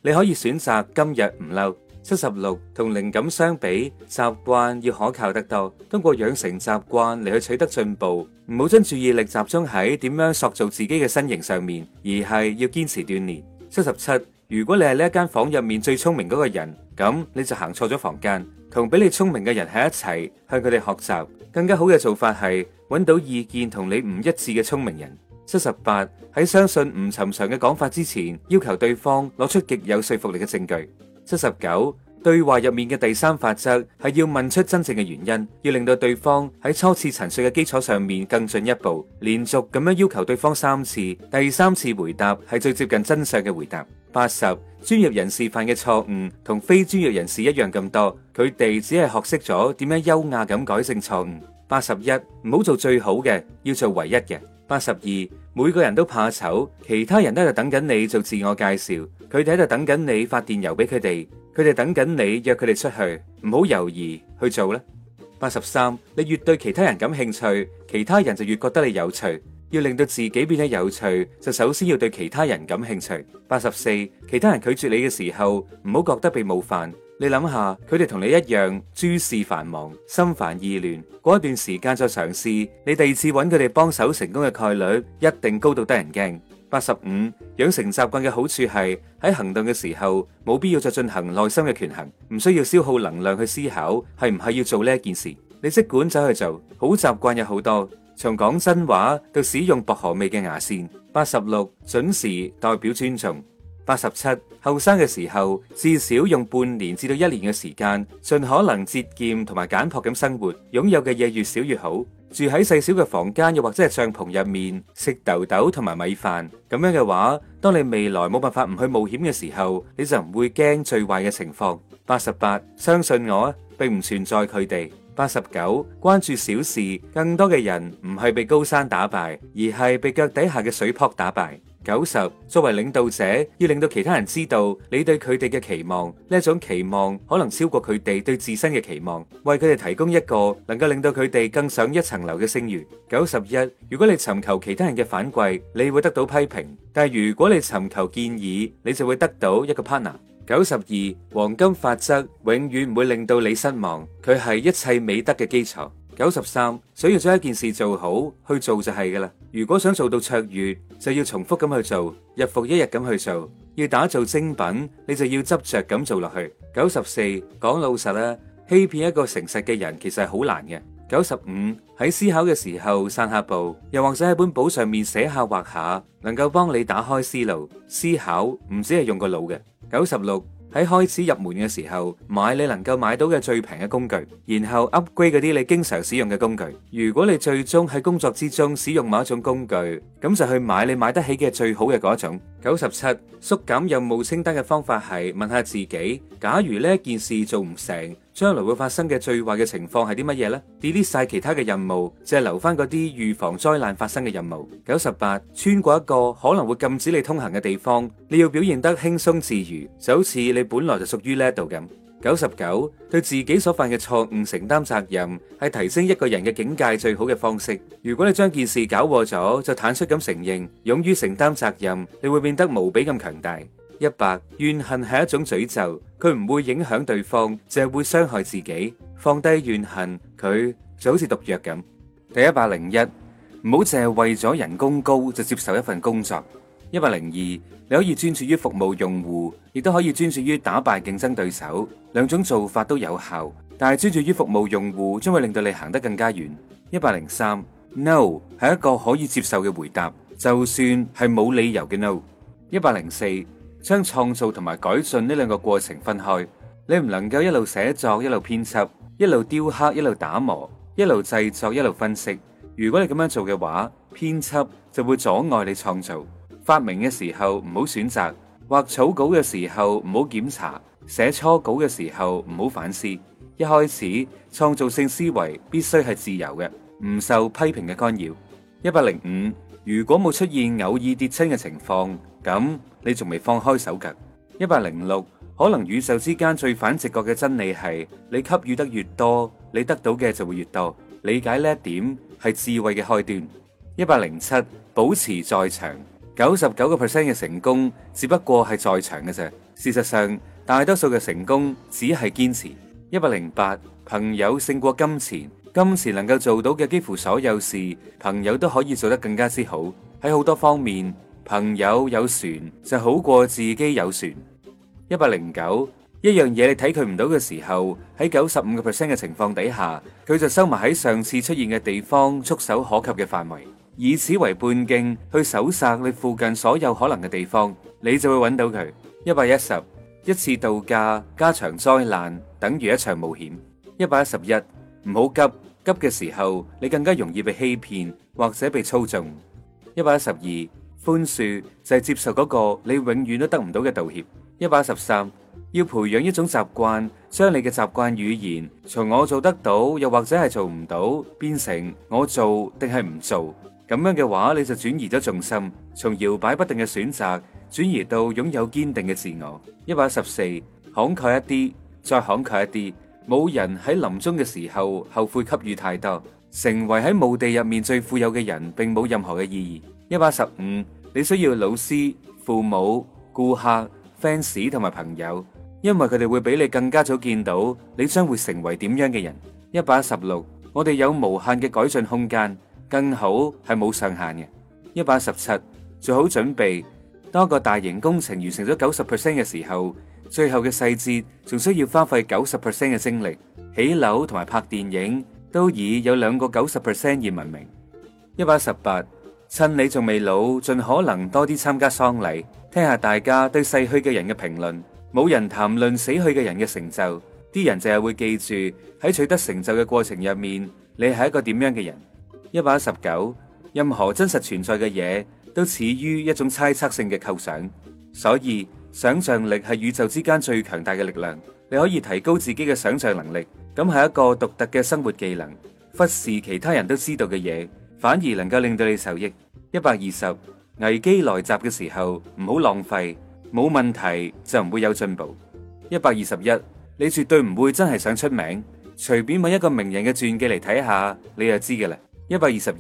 你可以選擇今日唔嬲。七十六，同靈感相比，習慣要可靠得多。通過養成習慣嚟去取得進步，唔好將注意力集中喺點樣塑造自己嘅身形上面，而係要堅持鍛煉。七十七，如果你係呢一間房入面最聰明嗰個人，咁你就行錯咗房間。同比你聰明嘅人喺一齊，向佢哋學習。更加好嘅做法係揾到意見同你唔一致嘅聰明人。七十八，喺相信唔尋常嘅講法之前，要求對方攞出極有說服力嘅證據。七十九對話入面嘅第三法則係要問出真正嘅原因，要令到對方喺初次陳述嘅基礎上面更進一步，連續咁樣要求對方三次，第三次回答係最接近真相嘅回答。八十專業人士犯嘅錯誤同非專業人士一樣咁多，佢哋只係學識咗點樣優雅咁改正錯誤。八十一唔好做最好嘅，要做唯一嘅。八十二，82，每個人都怕醜，其他人都喺度等緊你做自我介紹，佢哋喺度等緊你發電郵俾佢哋，佢哋等緊你約佢哋出去，唔好猶豫去做啦。八十三，你越對其他人感興趣，其他人就越覺得你有趣。要令到自己變得有趣，就首先要對其他人感興趣。八十四，其他人拒絕你嘅時候，唔好覺得被冒犯。你諗下，佢哋同你一樣諸事繁忙，心煩意亂。過一段時間再嘗試，你第二次揾佢哋幫手成功嘅概率一定高到得人驚。八十五，養成習慣嘅好處係喺行動嘅時候冇必要再進行內心嘅權衡，唔需要消耗能量去思考係唔係要做呢一件事。你即管走去做，好習慣有好多，從講真話到使用薄荷味嘅牙線。八十六，準時代表尊重。八十七，後生嘅時候至少用半年至到一年嘅時間，盡可能節儉同埋簡樸咁生活，擁有嘅嘢越少越好。住喺細小嘅房間，又或者係帳篷入面，食豆豆同埋米飯。咁樣嘅話，當你未來冇辦法唔去冒險嘅時候，你就唔會驚最壞嘅情況。八十八，相信我，並唔存在佢哋。八十九，關注小事，更多嘅人唔係被高山打敗，而係被腳底下嘅水泡打敗。九十作為領導者，要令到其他人知道你對佢哋嘅期望，呢種期望可能超過佢哋對自身嘅期望，為佢哋提供一個能夠令到佢哋更上一層樓嘅聲譽。九十一，如果你尋求其他人嘅反饋，你會得到批評；但係如果你尋求建議，你就會得到一個 partner。九十二，黃金法則永遠唔會令到你失望，佢係一切美德嘅基礎。九十三，93，想要將一件事做好，去做就係噶啦。如果想做到卓越，就要重複咁去做，日復一日咁去做。要打造精品，你就要執着咁做落去。九十四，講老實啦，欺騙一個誠實嘅人其實係好難嘅。九十五，喺思考嘅時候散下步，又或者喺本簿上面寫下畫下，能夠幫你打開思路。思考唔止係用個腦嘅。九十六。喺開始入門嘅時候，買你能夠買到嘅最平嘅工具，然後 upgrade 嗰啲你經常使用嘅工具。如果你最終喺工作之中使用某一種工具，咁就去買你買得起嘅最好嘅嗰一種。九十七，縮減任務清單嘅方法係問下自己，假如呢件事做唔成，將來會發生嘅最壞嘅情況係啲乜嘢呢？delete 晒其他嘅任務，淨係留翻嗰啲預防災難發生嘅任務。九十八，穿過一個可能會禁止你通行嘅地方，你要表現得輕鬆自如，就好似你本來就屬於呢度咁。九十九，對自己所犯嘅錯誤承擔責任，係提升一個人嘅境界最好嘅方式。如果你將件事搞錯咗，就坦率咁承認，勇於承擔責任，你會變得無比咁強大。一百，怨恨係一種詛咒，佢唔會影響對方，淨係會傷害自己。放低怨恨，佢就好似毒藥咁。第一百零一，唔好淨係為咗人工高就接受一份工作。一百零二，你可以專注於服務用戶，亦都可以專注於打敗競爭對手，兩種做法都有效，但係專注於服務用戶將會令到你行得更加遠。一百零三，No 係一個可以接受嘅回答，就算係冇理由嘅 No。一百零四。將創造同埋改進呢兩個過程分開，你唔能夠一路寫作一路編輯，一路雕刻一路打磨，一路製作一路分析。如果你咁樣做嘅話，編輯就會阻礙你創造。發明嘅時候唔好選擇，畫草稿嘅時候唔好檢查，寫初稿嘅時候唔好反思。一開始創造性思維必須係自由嘅，唔受批評嘅干擾。一百零五，如果冇出現偶爾跌親嘅情況，咁。你仲未放開手腳。一百零六，可能宇宙之間最反直覺嘅真理係，你給予得越多，你得到嘅就會越多。理解呢一點係智慧嘅開端。一百零七，保持在場。九十九個 percent 嘅成功，只不過係在場嘅啫。事實上，大多數嘅成功只係堅持。一百零八，朋友勝過金錢。金錢能夠做到嘅幾乎所有事，朋友都可以做得更加之好。喺好多方面。朋友有船就好過自己有船。9, 一百零九，一樣嘢你睇佢唔到嘅時候，喺九十五個 percent 嘅情況底下，佢就收埋喺上次出現嘅地方，觸手可及嘅範圍，以此為半徑去搜索你附近所有可能嘅地方，你就會揾到佢。一百一十，一次度假加場災難等於一場冒險。一百一十一，唔好急，急嘅時候你更加容易被欺騙或者被操縱。一百一十二。寬恕就係接受嗰個你永遠都得唔到嘅道歉。一百一十三，要培養一種習慣，將你嘅習慣語言從我做得到又或者係做唔到，變成我做定係唔做。咁樣嘅話，你就轉移咗重心，從搖擺不定嘅選擇轉移到擁有堅定嘅自我。4, 一百一十四，慷慨一啲，再慷慨一啲。冇人喺臨終嘅時候後悔給予太多，成為喺墓地入面最富有嘅人，並冇任何嘅意義。一百十五，你需要老師、父母、顧客、fans 同埋朋友，因為佢哋會比你更加早見到你將會成為點樣嘅人。一百十六，我哋有無限嘅改進空間，更好係冇上限嘅。一百十七，做好準備，當個大型工程完成咗九十 percent 嘅時候，最後嘅細節仲需要花費九十 percent 嘅精力。起樓同埋拍電影都以有兩個九十 percent 而聞名。一百十八。趁你仲未老，盡可能多啲參加喪禮，聽下大家對逝去嘅人嘅評論。冇人談論死去嘅人嘅成就，啲人就係會記住喺取得成就嘅過程入面，你係一個點樣嘅人。一百一十九，任何真實存在嘅嘢都始於一種猜測性嘅構想，所以想象力係宇宙之間最強大嘅力量。你可以提高自己嘅想象能力，咁係一個獨特嘅生活技能。忽視其他人都知道嘅嘢。反而能夠令到你受益。一百二十，危機來襲嘅時候唔好浪費，冇問題就唔會有進步。一百二十一，你絕對唔會真係想出名，隨便揾一個名人嘅傳記嚟睇下，你就知嘅啦。一百二十二，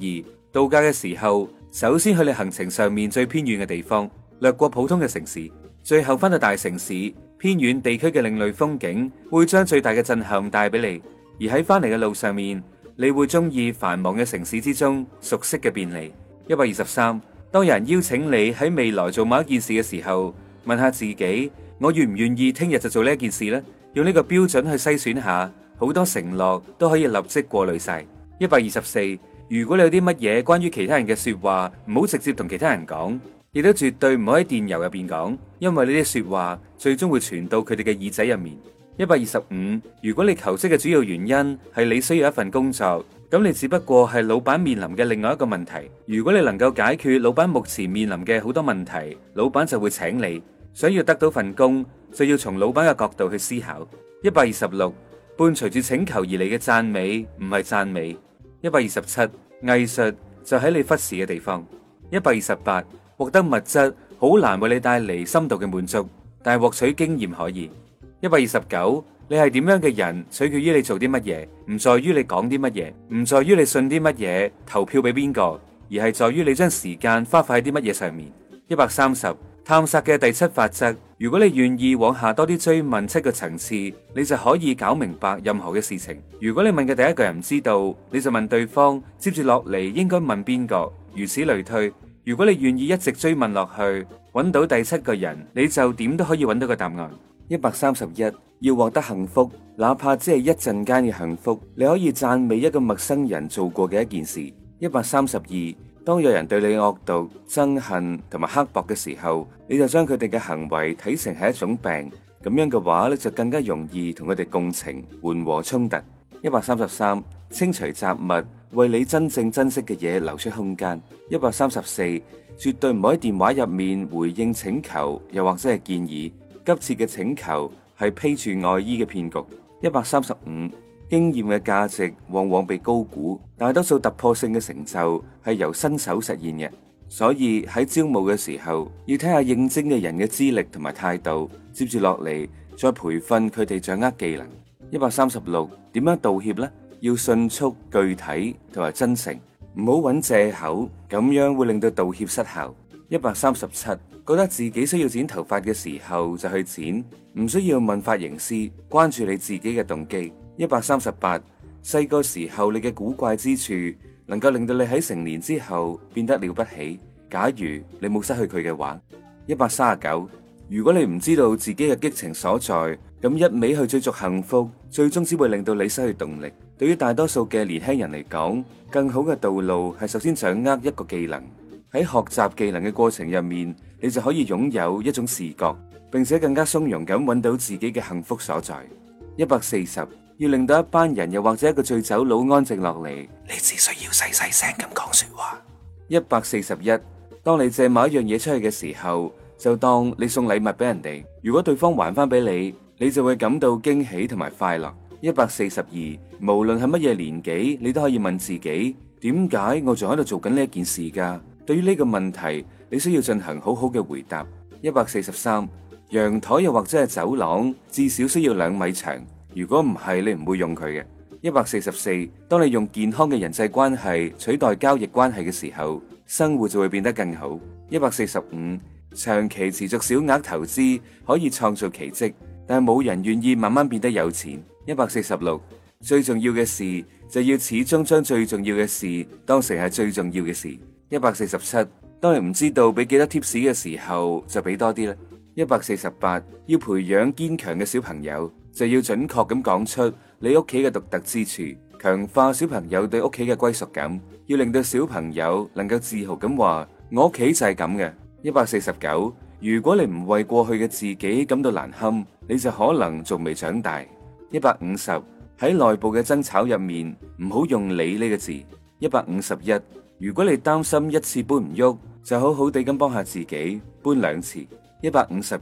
度假嘅時候，首先去你行程上面最偏遠嘅地方，略過普通嘅城市，最後翻到大城市，偏遠地區嘅另類風景會將最大嘅震撼帶俾你，而喺翻嚟嘅路上面。你會中意繁忙嘅城市之中熟悉嘅便利。一百二十三，當有人邀請你喺未來做某一件事嘅時候，問下自己，「我願唔願意聽日就做呢件事呢？」用呢個標準去篩選下，好多承諾都可以立即過濾晒。一百二十四，如果你有啲乜嘢關於其他人嘅說話，唔好直接同其他人講，亦都絕對唔好喺電郵入邊講，因為呢啲說話最終會傳到佢哋嘅耳仔入面。一百二十五，如果你求職嘅主要原因係你需要一份工作，咁你只不過係老闆面臨嘅另外一個問題。如果你能夠解決老闆目前面臨嘅好多問題，老闆就會請你。想要得到份工，就要從老闆嘅角度去思考。一百二十六，伴隨住請求而嚟嘅讚美唔係讚美。一百二十七，藝術就喺你忽視嘅地方。一百二十八，獲得物質好難為你帶嚟深度嘅滿足，但係獲取經驗可以。一百二十九，9, 你係點樣嘅人，取決於你做啲乜嘢，唔在於你講啲乜嘢，唔在於你信啲乜嘢，投票俾邊個，而係在於你將時間花費喺啲乜嘢上面。一百三十，探索嘅第七法則，如果你願意往下多啲追問七個層次，你就可以搞明白任何嘅事情。如果你問嘅第一個人唔知道，你就問對方，接住落嚟應該問邊個，如此類推。如果你願意一直追問落去，搵到第七個人，你就點都可以搵到個答案。一百三十一，1 1, 要獲得幸福，哪怕只係一陣間嘅幸福，你可以讚美一個陌生人做過嘅一件事。一百三十二，當有人對你惡毒、憎恨同埋刻薄嘅時候，你就將佢哋嘅行為睇成係一種病，咁樣嘅話咧就更加容易同佢哋共情，緩和衝突。一百三十三，清除雜物，為你真正珍惜嘅嘢留出空間。一百三十四，絕對唔可以喺電話入面回應請求，又或者係建議。急切嘅請求係披住外衣嘅騙局。一百三十五，經驗嘅價值往往被高估，大多數突破性嘅成就係由新手實現嘅，所以喺招募嘅時候要睇下應徵嘅人嘅資歷同埋態度，接住落嚟再培訓佢哋掌握技能。一百三十六，點樣道歉呢？要迅速、具體同埋真誠，唔好揾借口，咁樣會令到道歉失效。一百三十七。覺得自己需要剪頭髮嘅時候就去剪，唔需要問髮型師，關注你自己嘅動機。一百三十八，細個時候你嘅古怪之處，能夠令到你喺成年之後變得了不起。假如你冇失去佢嘅話，一百三十九，如果你唔知道自己嘅激情所在，咁一味去追逐幸福，最終只會令到你失去動力。對於大多數嘅年輕人嚟講，更好嘅道路係首先掌握一個技能。喺學習技能嘅過程入面。你就可以擁有一種視覺，並且更加鬆容咁揾到自己嘅幸福所在。一百四十要令到一班人又或者一個醉酒佬安靜落嚟，你只需要細細聲咁講說話。一百四十一，當你借某一樣嘢出去嘅時候，就當你送禮物俾人哋。如果對方還翻俾你，你就會感到驚喜同埋快樂。一百四十二，無論係乜嘢年紀，你都可以問自己：點解我仲喺度做緊呢件事㗎？對於呢個問題。你需要進行好好嘅回答。一百四十三，陽台又或者係走廊，至少需要兩米長。如果唔係，你唔會用佢嘅。一百四十四，當你用健康嘅人際關係取代交易關係嘅時候，生活就會變得更好。一百四十五，長期持續小額投資可以創造奇蹟，但係冇人願意慢慢變得有錢。一百四十六，最重要嘅事就要始終將最重要嘅事當成係最重要嘅事。一百四十七，當你唔知道俾幾多 tips 嘅時候，就俾多啲啦。一百四十八，要培養堅強嘅小朋友，就要準確咁講出你屋企嘅獨特之處，強化小朋友對屋企嘅歸屬感，要令到小朋友能夠自豪咁話：我屋企就係咁嘅。一百四十九，如果你唔為過去嘅自己感到難堪，你就可能仲未長大。一百五十，喺內部嘅爭吵入面，唔好用你呢個字。一百五十一，如果你擔心一次搬唔喐，就好好地咁幫下自己，搬兩次，一百五十二。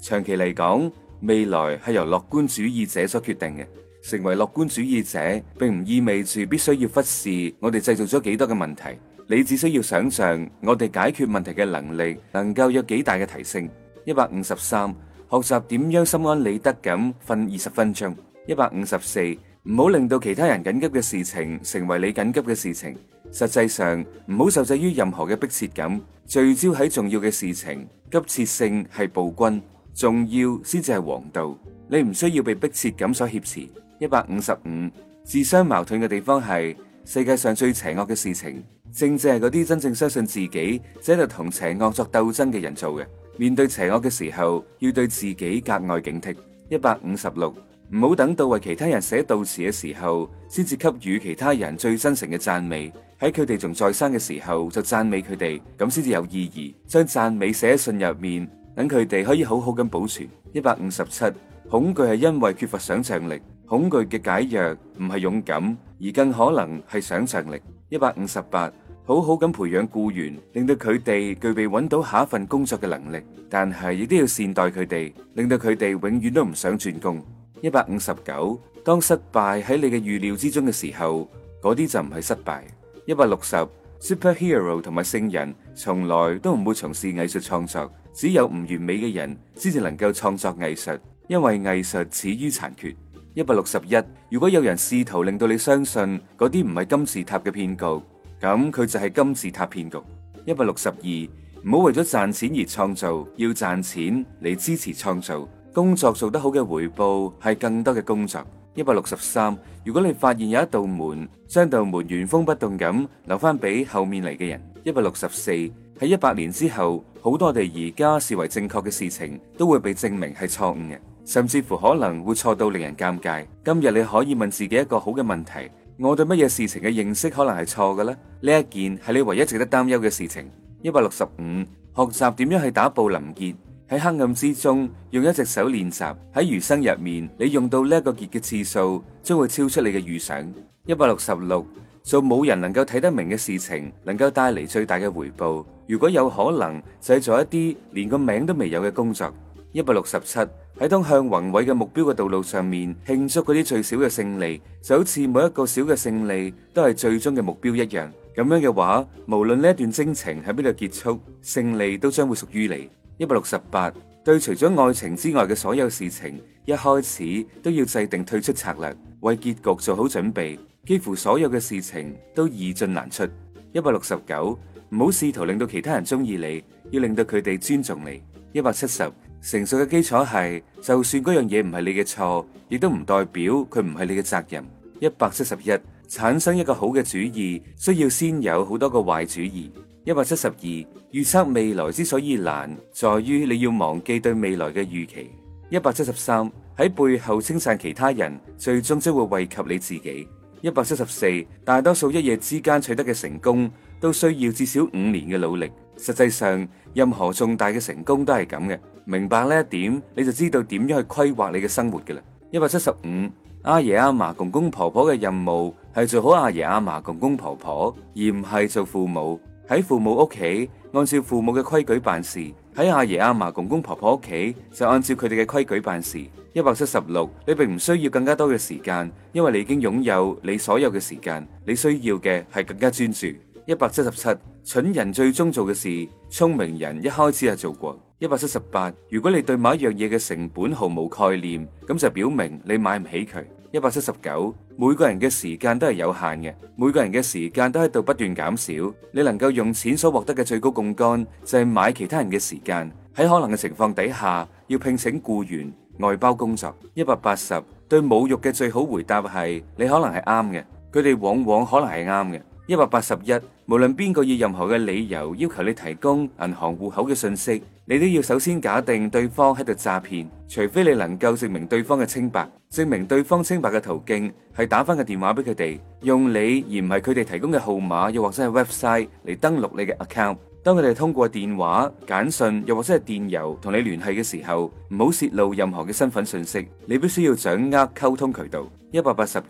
長期嚟講，未來係由樂觀主義者所決定嘅。成為樂觀主義者，並唔意味住必須要忽視我哋製造咗幾多嘅問題。你只需要想象我哋解決問題嘅能力能夠有幾大嘅提升。一百五十三，學習點樣心安理得咁瞓二十分鐘。一百五十四，唔好令到其他人緊急嘅事情成為你緊急嘅事情。實際上唔好受制於任何嘅迫切感，聚焦喺重要嘅事情。急切性係暴君，重要先至係王道。你唔需要被迫切感所挾持。一百五十五，自相矛盾嘅地方係世界上最邪惡嘅事情。正正係嗰啲真正相信自己，喺度同邪惡作鬥爭嘅人做嘅。面對邪惡嘅時候，要對自己格外警惕。一百五十六，唔好等到為其他人寫悼詞嘅時候，先至給予其他人最真誠嘅讚美。喺佢哋仲在生嘅時候就讚美佢哋，咁先至有意義。將讚美寫喺信入面，等佢哋可以好好咁保存。一百五十七，恐懼係因為缺乏想象力，恐懼嘅解藥唔係勇敢，而更可能係想象力。一百五十八，好好咁培養僱員，令到佢哋具備揾到下一份工作嘅能力。但係亦都要善待佢哋，令到佢哋永遠都唔想轉工。一百五十九，當失敗喺你嘅預料之中嘅時候，嗰啲就唔係失敗。一百六十，Superhero 同埋聖人從來都唔會從事藝術創作，只有唔完美嘅人先至能夠創作藝術，因為藝術始於殘缺。一百六十一，如果有人試圖令到你相信嗰啲唔係金字塔嘅騙局，咁佢就係金字塔騙局。一百六十二，唔好為咗賺錢而創造，要賺錢嚟支持創造，工作做得好嘅回報係更多嘅工作。一百六十三，3, 如果你發現有一道門，將道門原封不動咁留翻俾後面嚟嘅人。一百六十四，喺一百年之後，好多我哋而家視為正確嘅事情，都會被證明係錯誤嘅，甚至乎可能會錯到令人尷尬。今日你可以問自己一個好嘅問題：我對乜嘢事情嘅認識可能係錯嘅咧？呢一件係你唯一值得擔憂嘅事情。一百六十五，學習點樣去打暴林杰。喺黑暗之中，用一隻手練習喺餘生入面，你用到呢一個結嘅次數，將會超出你嘅預想。一百六十六，做冇人能夠睇得明嘅事情，能夠帶嚟最大嘅回報。如果有可能，就係做一啲連個名都未有嘅工作。一百六十七，喺當向宏偉嘅目標嘅道路上面，慶祝嗰啲最小嘅勝利，就好似每一個小嘅勝利都係最終嘅目標一樣。咁樣嘅話，無論呢段征程喺邊度結束，勝利都將會屬於你。一百六十八，8, 對除咗愛情之外嘅所有事情，一開始都要制定退出策略，為結局做好準備。幾乎所有嘅事情都易進難出。一百六十九，唔好試圖令到其他人鍾意你，要令到佢哋尊重你。一百七十，成熟嘅基礎係，就算嗰樣嘢唔係你嘅錯，亦都唔代表佢唔係你嘅責任。一百七十一，產生一個好嘅主意，需要先有好多個壞主意。一百七十二，2, 預測未來之所以難，在於你要忘記對未來嘅預期。一百七十三，喺背後稱讚其他人，最終將會惠及你自己。一百七十四，大多數一夜之間取得嘅成功，都需要至少五年嘅努力。實際上，任何重大嘅成功都係咁嘅。明白呢一點，你就知道點樣去規劃你嘅生活㗎喇。一百七十五，阿爺阿嫲公公婆婆嘅任務係做好阿爺阿嫲公公婆婆，而唔係做父母。喺父母屋企，按照父母嘅規矩辦事；喺阿爺阿嫲公公婆婆屋企，就按照佢哋嘅規矩辦事。一百七十六，你並唔需要更加多嘅時間，因為你已經擁有你所有嘅時間。你需要嘅係更加專注。一百七十七，蠢人最終做嘅事，聰明人一開始就做過。一百七十八，如果你對某一樣嘢嘅成本毫無概念，咁就表明你買唔起佢。一百七十九，每個人嘅時間都係有限嘅，每個人嘅時間都喺度不斷減少。你能夠用錢所獲得嘅最高槓桿，就係買其他人嘅時間。喺可能嘅情況底下，要聘請僱員、外包工作。一百八十，對侮辱嘅最好回答係：你可能係啱嘅，佢哋往往可能係啱嘅。一百八十一，無論邊個以任何嘅理由要求你提供銀行戶口嘅信息，你都要首先假定對方喺度詐騙，除非你能夠證明對方嘅清白。證明對方清白嘅途徑係打翻個電話俾佢哋，用你而唔係佢哋提供嘅號碼，又或者係 website 嚟登錄你嘅 account。當佢哋通過電話、簡訊又或者係電郵同你聯繫嘅時候，唔好泄露任何嘅身份信息。你必須要掌握溝通渠道。一百八十二，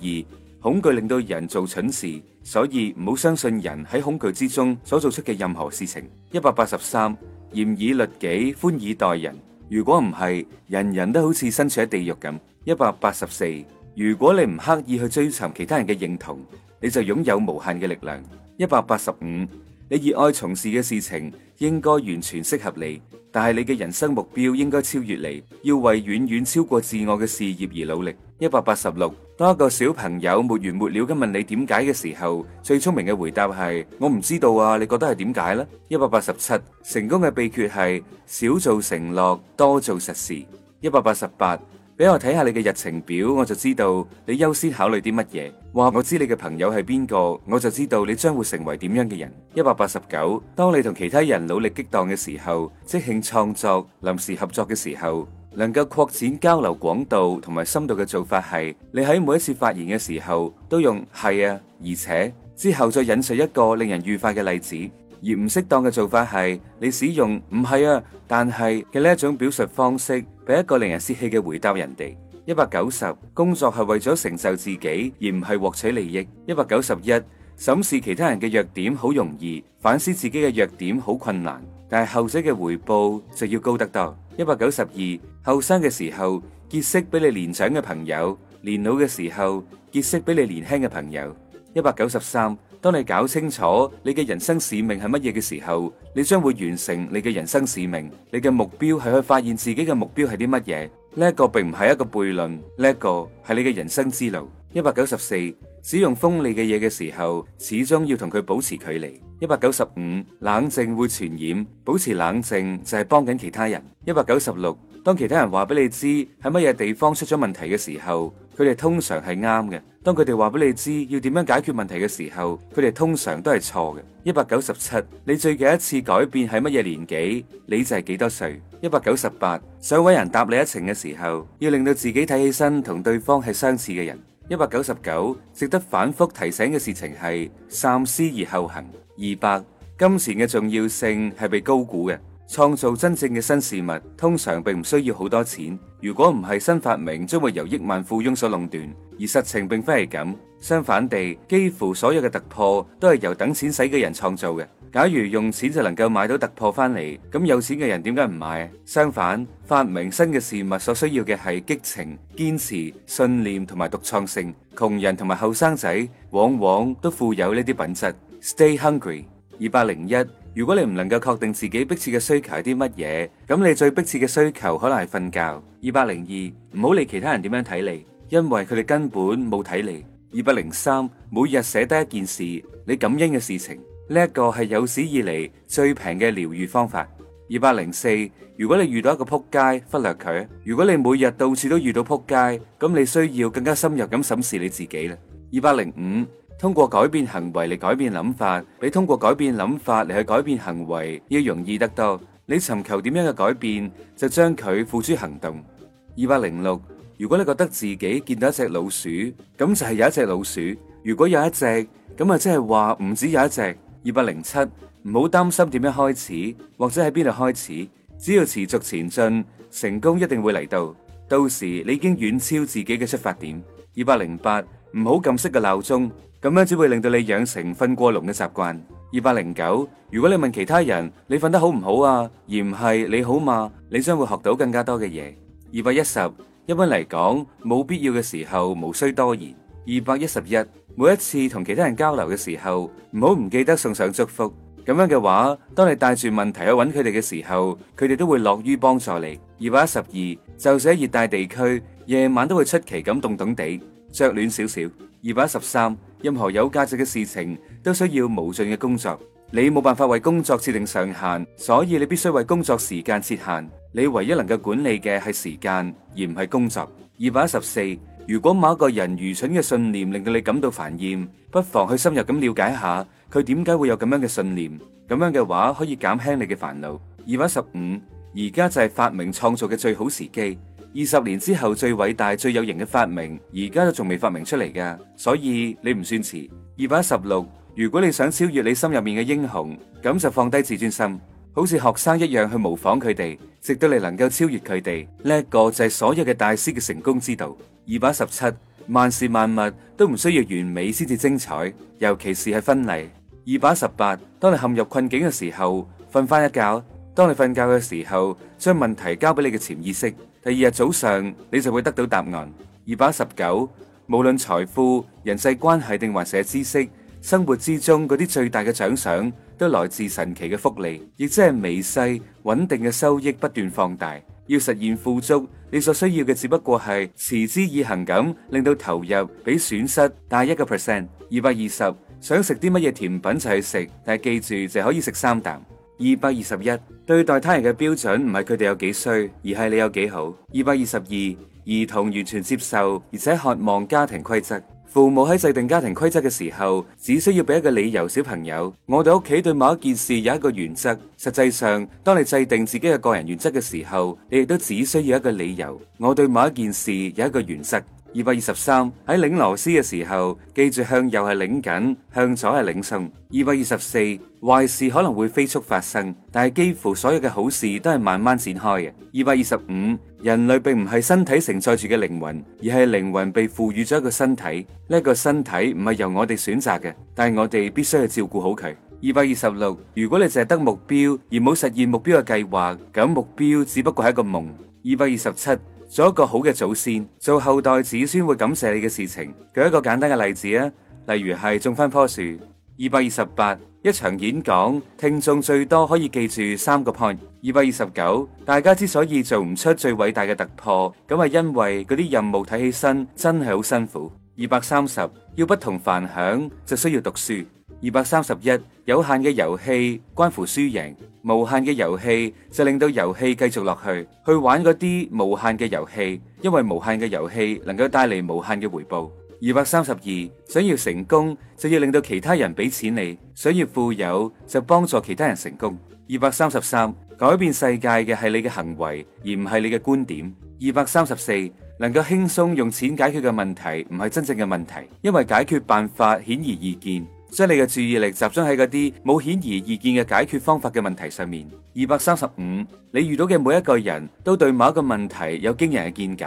恐懼令到人做蠢事，所以唔好相信人喺恐懼之中所做出嘅任何事情。一百八十三，嚴以律己，寬以待人。如果唔係，人人都好似身處喺地獄咁。一百八十四，4, 如果你唔刻意去追尋其他人嘅認同，你就擁有無限嘅力量。一百八十五，你熱愛從事嘅事情應該完全適合你，但係你嘅人生目標應該超越你，要為遠遠超過自我嘅事業而努力。一百八十六，當一個小朋友沒完沒了咁問你點解嘅時候，最聰明嘅回答係我唔知道啊，你覺得係點解呢？」一百八十七，成功嘅秘訣係少做承諾，多做實事。一百八十八。俾我睇下你嘅日程表，我就知道你優先考慮啲乜嘢。話我知你嘅朋友係邊個，我就知道你將會成為點樣嘅人。一百八十九，當你同其他人努力激盪嘅時候，即興創作、臨時合作嘅時候，能夠擴展交流廣度同埋深度嘅做法係，你喺每一次發言嘅時候都用「係啊，而且」之後再引述一個令人愉快嘅例子。而唔適當嘅做法係你使用唔係啊，但係嘅呢一種表述方式，俾一個令人泄氣嘅回答人哋。一百九十，工作係為咗成就自己，而唔係獲取利益。一百九十一，審視其他人嘅弱點好容易，反思自己嘅弱點好困難，但係後者嘅回報就要高得多。一百九十二，後生嘅時候結識比你年長嘅朋友，年老嘅時候結識比你年輕嘅朋友。一百九十三。當你搞清楚你嘅人生使命係乜嘢嘅時候，你將會完成你嘅人生使命。你嘅目標係去發現自己嘅目標係啲乜嘢？呢一個並唔係一個悖論，呢一個係你嘅人生之路。一百九十四，使用鋒利嘅嘢嘅時候，始終要同佢保持距離。一百九十五，冷靜會傳染，保持冷靜就係幫緊其他人。一百九十六。當其他人話俾你知喺乜嘢地方出咗問題嘅時候，佢哋通常係啱嘅；當佢哋話俾你知要點樣解決問題嘅時候，佢哋通常都係錯嘅。一百九十七，你最近一次改變係乜嘢年紀？你就係幾多歲？一百九十八，想搵人搭你一程嘅時候，要令到自己睇起身同對方係相似嘅人。一百九十九，值得反復提醒嘅事情係三思而後行。二百，金錢嘅重要性係被高估嘅。創造真正嘅新事物，通常並唔需要好多錢。如果唔係新發明，將會由億萬富翁所壟斷。而實情並非係咁，相反地，幾乎所有嘅突破都係由等錢使嘅人創造嘅。假如用錢就能夠買到突破翻嚟，咁有錢嘅人點解唔買？相反，發明新嘅事物所需要嘅係激情、堅持、信念同埋獨創性。窮人同埋後生仔往往都富有呢啲品質。Stay Hungry，二百零一。如果你唔能夠確定自己迫切嘅需求係啲乜嘢，咁你最迫切嘅需求可能係瞓覺。二百零二，唔好理其他人點樣睇你，因為佢哋根本冇睇你。二百零三，每日寫低一件事你感恩嘅事情，呢一個係有史以嚟最平嘅療愈方法。二百零四，如果你遇到一個撲街，忽略佢，如果你每日到處都遇到撲街，咁你需要更加深入咁審視你自己啦。二百零五。通過改變行為嚟改變諗法，比通過改變諗法嚟去改變行為要容易得多。你尋求點樣嘅改變，就將佢付諸行動。二百零六，如果你覺得自己見到一隻老鼠，咁就係有一隻老鼠。如果有一隻，咁啊，即係話唔止有一隻。二百零七，唔好擔心點樣開始，或者喺邊度開始，只要持續前進，成功一定會嚟到。到時你已經遠超自己嘅出發點。二百零八，唔好撳熄個鬧鐘。咁樣只會令到你養成瞓過籠嘅習慣。二百零九，如果你問其他人你瞓得好唔好啊，而唔係你好嘛，你將會學到更加多嘅嘢。二百一十，一般嚟講，冇必要嘅時候無需多言。二百一十一，每一次同其他人交流嘅時候，唔好唔記得送上祝福。咁樣嘅話，當你帶住問題去搵佢哋嘅時候，佢哋都會樂於幫助你。二百一十二，就寫喺熱帶地區夜晚都會出奇咁凍凍地，着暖少少。二百一十三。任何有價值嘅事情都需要無盡嘅工作，你冇辦法為工作設定上限，所以你必須為工作時間設限。你唯一能夠管理嘅係時間，而唔係工作。二百一十四，如果某一個人愚蠢嘅信念令到你感到煩厭，不妨去深入咁了解下佢點解會有咁樣嘅信念，咁樣嘅話可以減輕你嘅煩惱。二百一十五，而家就係發明創造嘅最好時機。二十年之後最偉大、最有型嘅發明，而家都仲未發明出嚟㗎，所以你唔算遲。二百一十六，如果你想超越你心入面嘅英雄，咁就放低自尊心，好似學生一樣去模仿佢哋，直到你能夠超越佢哋。呢個就係所有嘅大師嘅成功之道。二百一十七，萬事萬物都唔需要完美先至精彩，尤其是係婚禮。二百一十八，當你陷入困境嘅時候，瞓翻一覺；當你瞓覺嘅時候，將問題交俾你嘅潛意識。第二日早上你就會得到答案。二百一十九，無論財富、人際關係定還是知識，生活之中嗰啲最大嘅獎賞都來自神奇嘅複利，亦即係微細穩定嘅收益不斷放大。要實現富足，你所需要嘅只不過係持之以恆咁，令到投入比損失大一個 percent。二百二十，想食啲乜嘢甜品就去食，但係記住就可以食三啖。二百二十一，21，對待他人嘅標準唔係佢哋有幾衰，而係你有幾好。二百二十二，兒童完全接受而且渴望家庭規則。父母喺制定家庭規則嘅時候，只需要俾一個理由。小朋友，我哋屋企對某一件事有一個原則。實際上，當你制定自己嘅個人原則嘅時候，你亦都只需要一個理由。我對某一件事有一個原則。二百二十三喺擰螺絲嘅時候，記住向右係擰緊，向左係擰鬆。二百二十四，壞事可能會飛速發生，但係幾乎所有嘅好事都係慢慢展開嘅。二百二十五，人類並唔係身體承載住嘅靈魂，而係靈魂被賦予咗一個身體。呢一個身體唔係由我哋選擇嘅，但係我哋必須去照顧好佢。二百二十六，如果你淨係得目標而冇實現目標嘅計劃，咁目標只不過係一個夢。二百二十七。做一個好嘅祖先，做後代子孫會感謝你嘅事情。舉一個簡單嘅例子啊，例如係種翻棵樹。二百二十八，一場演講，聽眾最多可以記住三個 point。二百二十九，大家之所以做唔出最偉大嘅突破，咁係因為嗰啲任務睇起身真係好辛苦。二百三十，要不同凡響，就需要讀書。二百三十一，有限嘅遊戲關乎輸贏，無限嘅遊戲就令到遊戲繼續落去，去玩嗰啲無限嘅遊戲，因為無限嘅遊戲能夠帶嚟無限嘅回報。二百三十二，想要成功就要令到其他人俾錢你，想要富有就幫助其他人成功。二百三十三，改變世界嘅係你嘅行為，而唔係你嘅觀點。二百三十四，能夠輕鬆用錢解決嘅問題唔係真正嘅問題，因為解決辦法顯而易見。將你嘅注意力集中喺嗰啲冇顯而易見嘅解決方法嘅問題上面。二百三十五，你遇到嘅每一個人都對某一個問題有驚人嘅見解，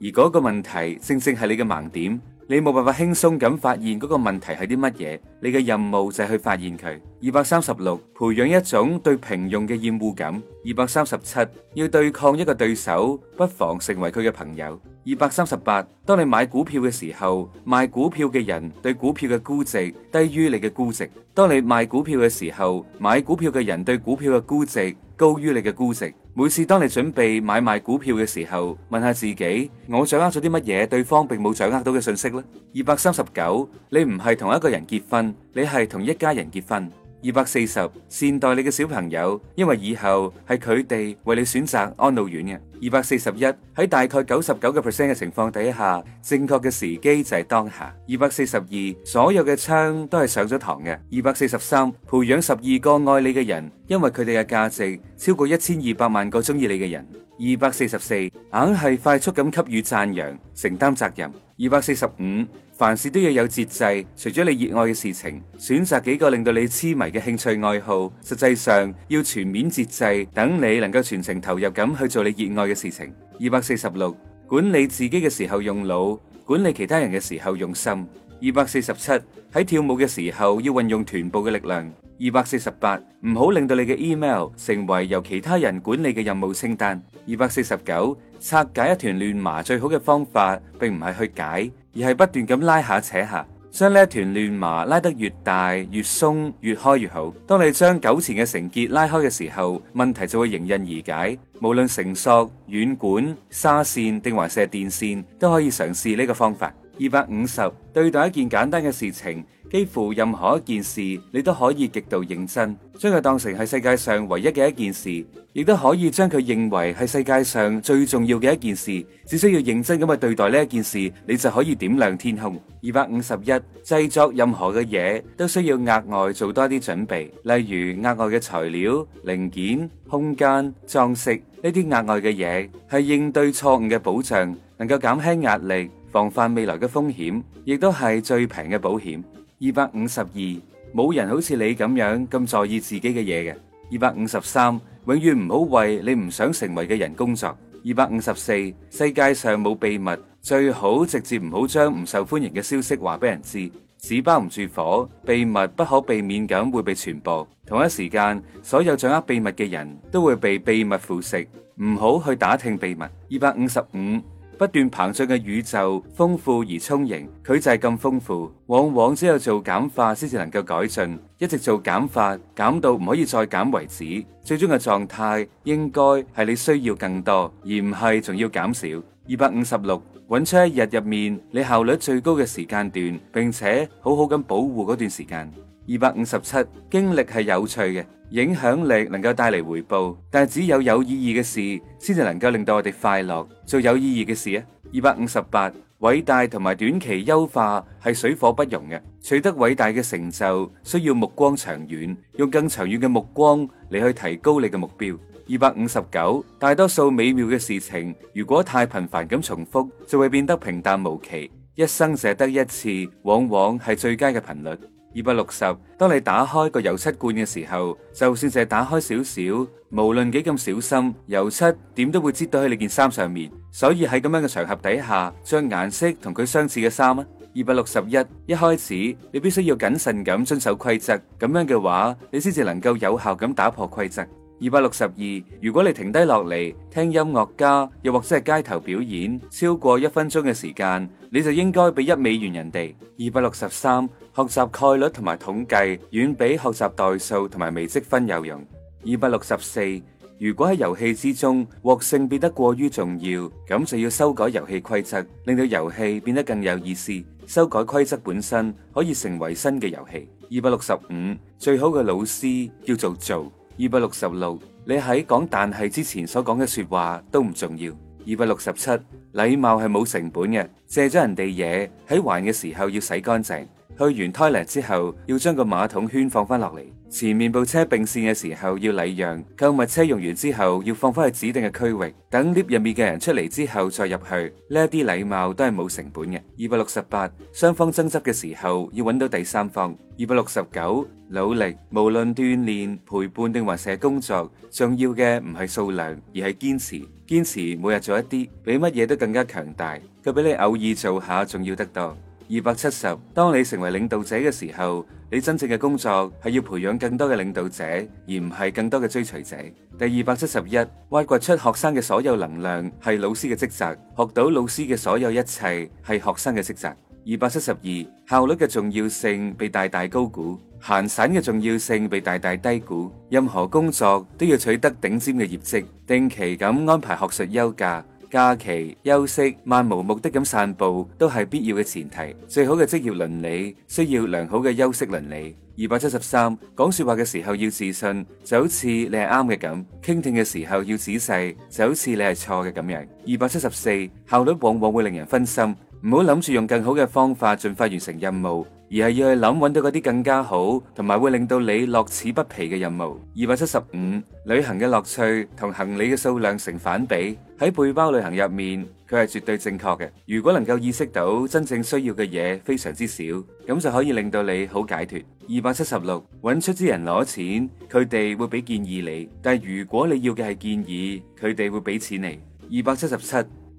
而嗰個問題正正係你嘅盲點。你冇辦法輕鬆咁發現嗰個問題係啲乜嘢，你嘅任務就係去發現佢。二百三十六，培養一種對平庸嘅厭惡感。二百三十七，要對抗一個對手，不妨成為佢嘅朋友。二百三十八，當你買股票嘅時候，賣股票嘅人對股票嘅估值低於你嘅估值；當你賣股票嘅時候，買股票嘅人對股票嘅估值高於你嘅估值。每次當你準備買賣股票嘅時候，問下自己：我掌握咗啲乜嘢？對方並冇掌握到嘅信息呢？二百三十九，你唔係同一個人結婚，你係同一家人結婚。二百四十，善待你嘅小朋友，因為以後係佢哋為你選擇安老院嘅。二百四十一，喺大概九十九個 percent 嘅情況底下，正確嘅時機就係當下。二百四十二，所有嘅窗都係上咗堂嘅。二百四十三，培養十二個愛你嘅人，因為佢哋嘅價值超過一千二百萬個中意你嘅人。二百四十四，硬係快速咁給予讚揚，承擔責任。二百四十五，凡事都要有節制，除咗你熱愛嘅事情，選擇幾個令到你痴迷嘅興趣愛好。實際上要全面節制，等你能夠全程投入咁去做你熱愛嘅事情。二百四十六，管理自己嘅時候用腦，管理其他人嘅時候用心。二百四十七，喺跳舞嘅時候要運用臀部嘅力量。二百四十八，唔好令到你嘅 email 成為由其他人管理嘅任務清單。二百四十九，拆解一團亂麻最好嘅方法，並唔係去解，而係不斷咁拉下扯下，將呢一團亂麻拉得越大越鬆越開越好。當你將糾纏嘅繩結拉開嘅時候，問題就會迎刃而解。無論繩索、軟管、紗線定還是電線，都可以嘗試呢個方法。二百五十，對待一件簡單嘅事情。幾乎任何一件事，你都可以極度認真，將佢當成係世界上唯一嘅一件事，亦都可以將佢認為係世界上最重要嘅一件事。只需要認真咁去對待呢一件事，你就可以點亮天空。二百五十一，製作任何嘅嘢都需要額外做多啲準備，例如額外嘅材料、零件、空間、裝飾。呢啲額外嘅嘢，係應對錯誤嘅保障，能夠減輕壓力，防範未來嘅風險，亦都係最平嘅保險。二百五十二，冇人好似你咁樣咁在意自己嘅嘢嘅。二百五十三，永遠唔好為你唔想成為嘅人工作。二百五十四，世界上冇秘密，最好直接唔好將唔受歡迎嘅消息話俾人知。紙包唔住火，秘密不可避免咁會被傳播。同一時間，所有掌握秘密嘅人都會被秘密腐蝕。唔好去打聽秘密。二百五十五。不斷膨脹嘅宇宙，豐富而充盈，佢就係咁豐富。往往只有做減法先至能夠改進，一直做減法，減到唔可以再減為止。最終嘅狀態應該係你需要更多，而唔係仲要減少。二百五十六，揾出一日入面你效率最高嘅時間段，並且好好咁保護嗰段時間。二百五十七，經歷係有趣嘅。影響力能夠帶嚟回報，但只有有意義嘅事先至能夠令到我哋快樂。做有意義嘅事啊！二百五十八，偉大同埋短期優化係水火不容嘅。取得偉大嘅成就需要目光長遠，用更長遠嘅目光嚟去提高你嘅目標。二百五十九，大多數美妙嘅事情如果太頻繁咁重複，就會變得平淡無奇。一生只得一次，往往係最佳嘅頻率。二百六十，260，當你打開個油漆罐嘅時候，就算淨係打開少少，無論幾咁小心，油漆點都會擠到喺你件衫上面。所以喺咁樣嘅場合底下，將顏色同佢相似嘅衫。二百六十一，一開始你必須要謹慎咁遵守規則，咁樣嘅話，你先至能夠有效咁打破規則。二百六十二，如果你停低落嚟聽音樂家，又或者係街頭表演超過一分鐘嘅時間，你就應該俾一美元人哋。二百六十三，學習概率同埋統計遠比學習代數同埋微積分有用。二百六十四，如果喺遊戲之中獲勝變得過於重要，咁就要修改遊戲規則，令到遊戲變得更有意思。修改規則本身可以成為新嘅遊戲。二百六十五，最好嘅老師叫做做。二百六十六，你喺講但係之前所講嘅說話都唔重要。二百六十七，禮貌係冇成本嘅，借咗人哋嘢喺還嘅時候要洗乾淨。去完 toilet 之後要將個馬桶圈放翻落嚟，前面部車並線嘅時候要禮讓，購物車用完之後要放翻去指定嘅區域，等 lift 入面嘅人出嚟之後再入去。呢一啲禮貌都係冇成本嘅。二百六十八，雙方爭執嘅時候要揾到第三方。二百六十九，努力，無論鍛煉、陪伴定還是工作，重要嘅唔係數量，而係堅持。堅持每日做一啲，比乜嘢都更加強大，佢比你偶爾做下重要得多。二百七十，當你成為領導者嘅時候，你真正嘅工作係要培養更多嘅領導者，而唔係更多嘅追隨者。第二百七十一，挖掘出學生嘅所有能量係老師嘅職責，學到老師嘅所有一切係學生嘅職責。二百七十二，效率嘅重要性被大大高估，閒散嘅重要性被大大低估。任何工作都要取得頂尖嘅業績，定期咁安排學術休假。假期休息、漫無目的咁散步都係必要嘅前提。最好嘅職業倫理需要良好嘅休息倫理。二百七十三，講說話嘅時候要自信，就好似你係啱嘅咁；傾聽嘅時候要仔細，就好似你係錯嘅咁樣。二百七十四，效率往往會令人分心，唔好諗住用更好嘅方法盡快完成任務。而係要去諗搵到嗰啲更加好，同埋會令到你樂此不疲嘅任務。二百七十五，旅行嘅樂趣同行李嘅數量成反比，喺背包旅行入面，佢係絕對正確嘅。如果能夠意識到真正需要嘅嘢，非常之少，咁就可以令到你好解脫。二百七十六，搵出資人攞錢，佢哋會俾建議你，但如果你要嘅係建議，佢哋會俾錢你。二百七十七。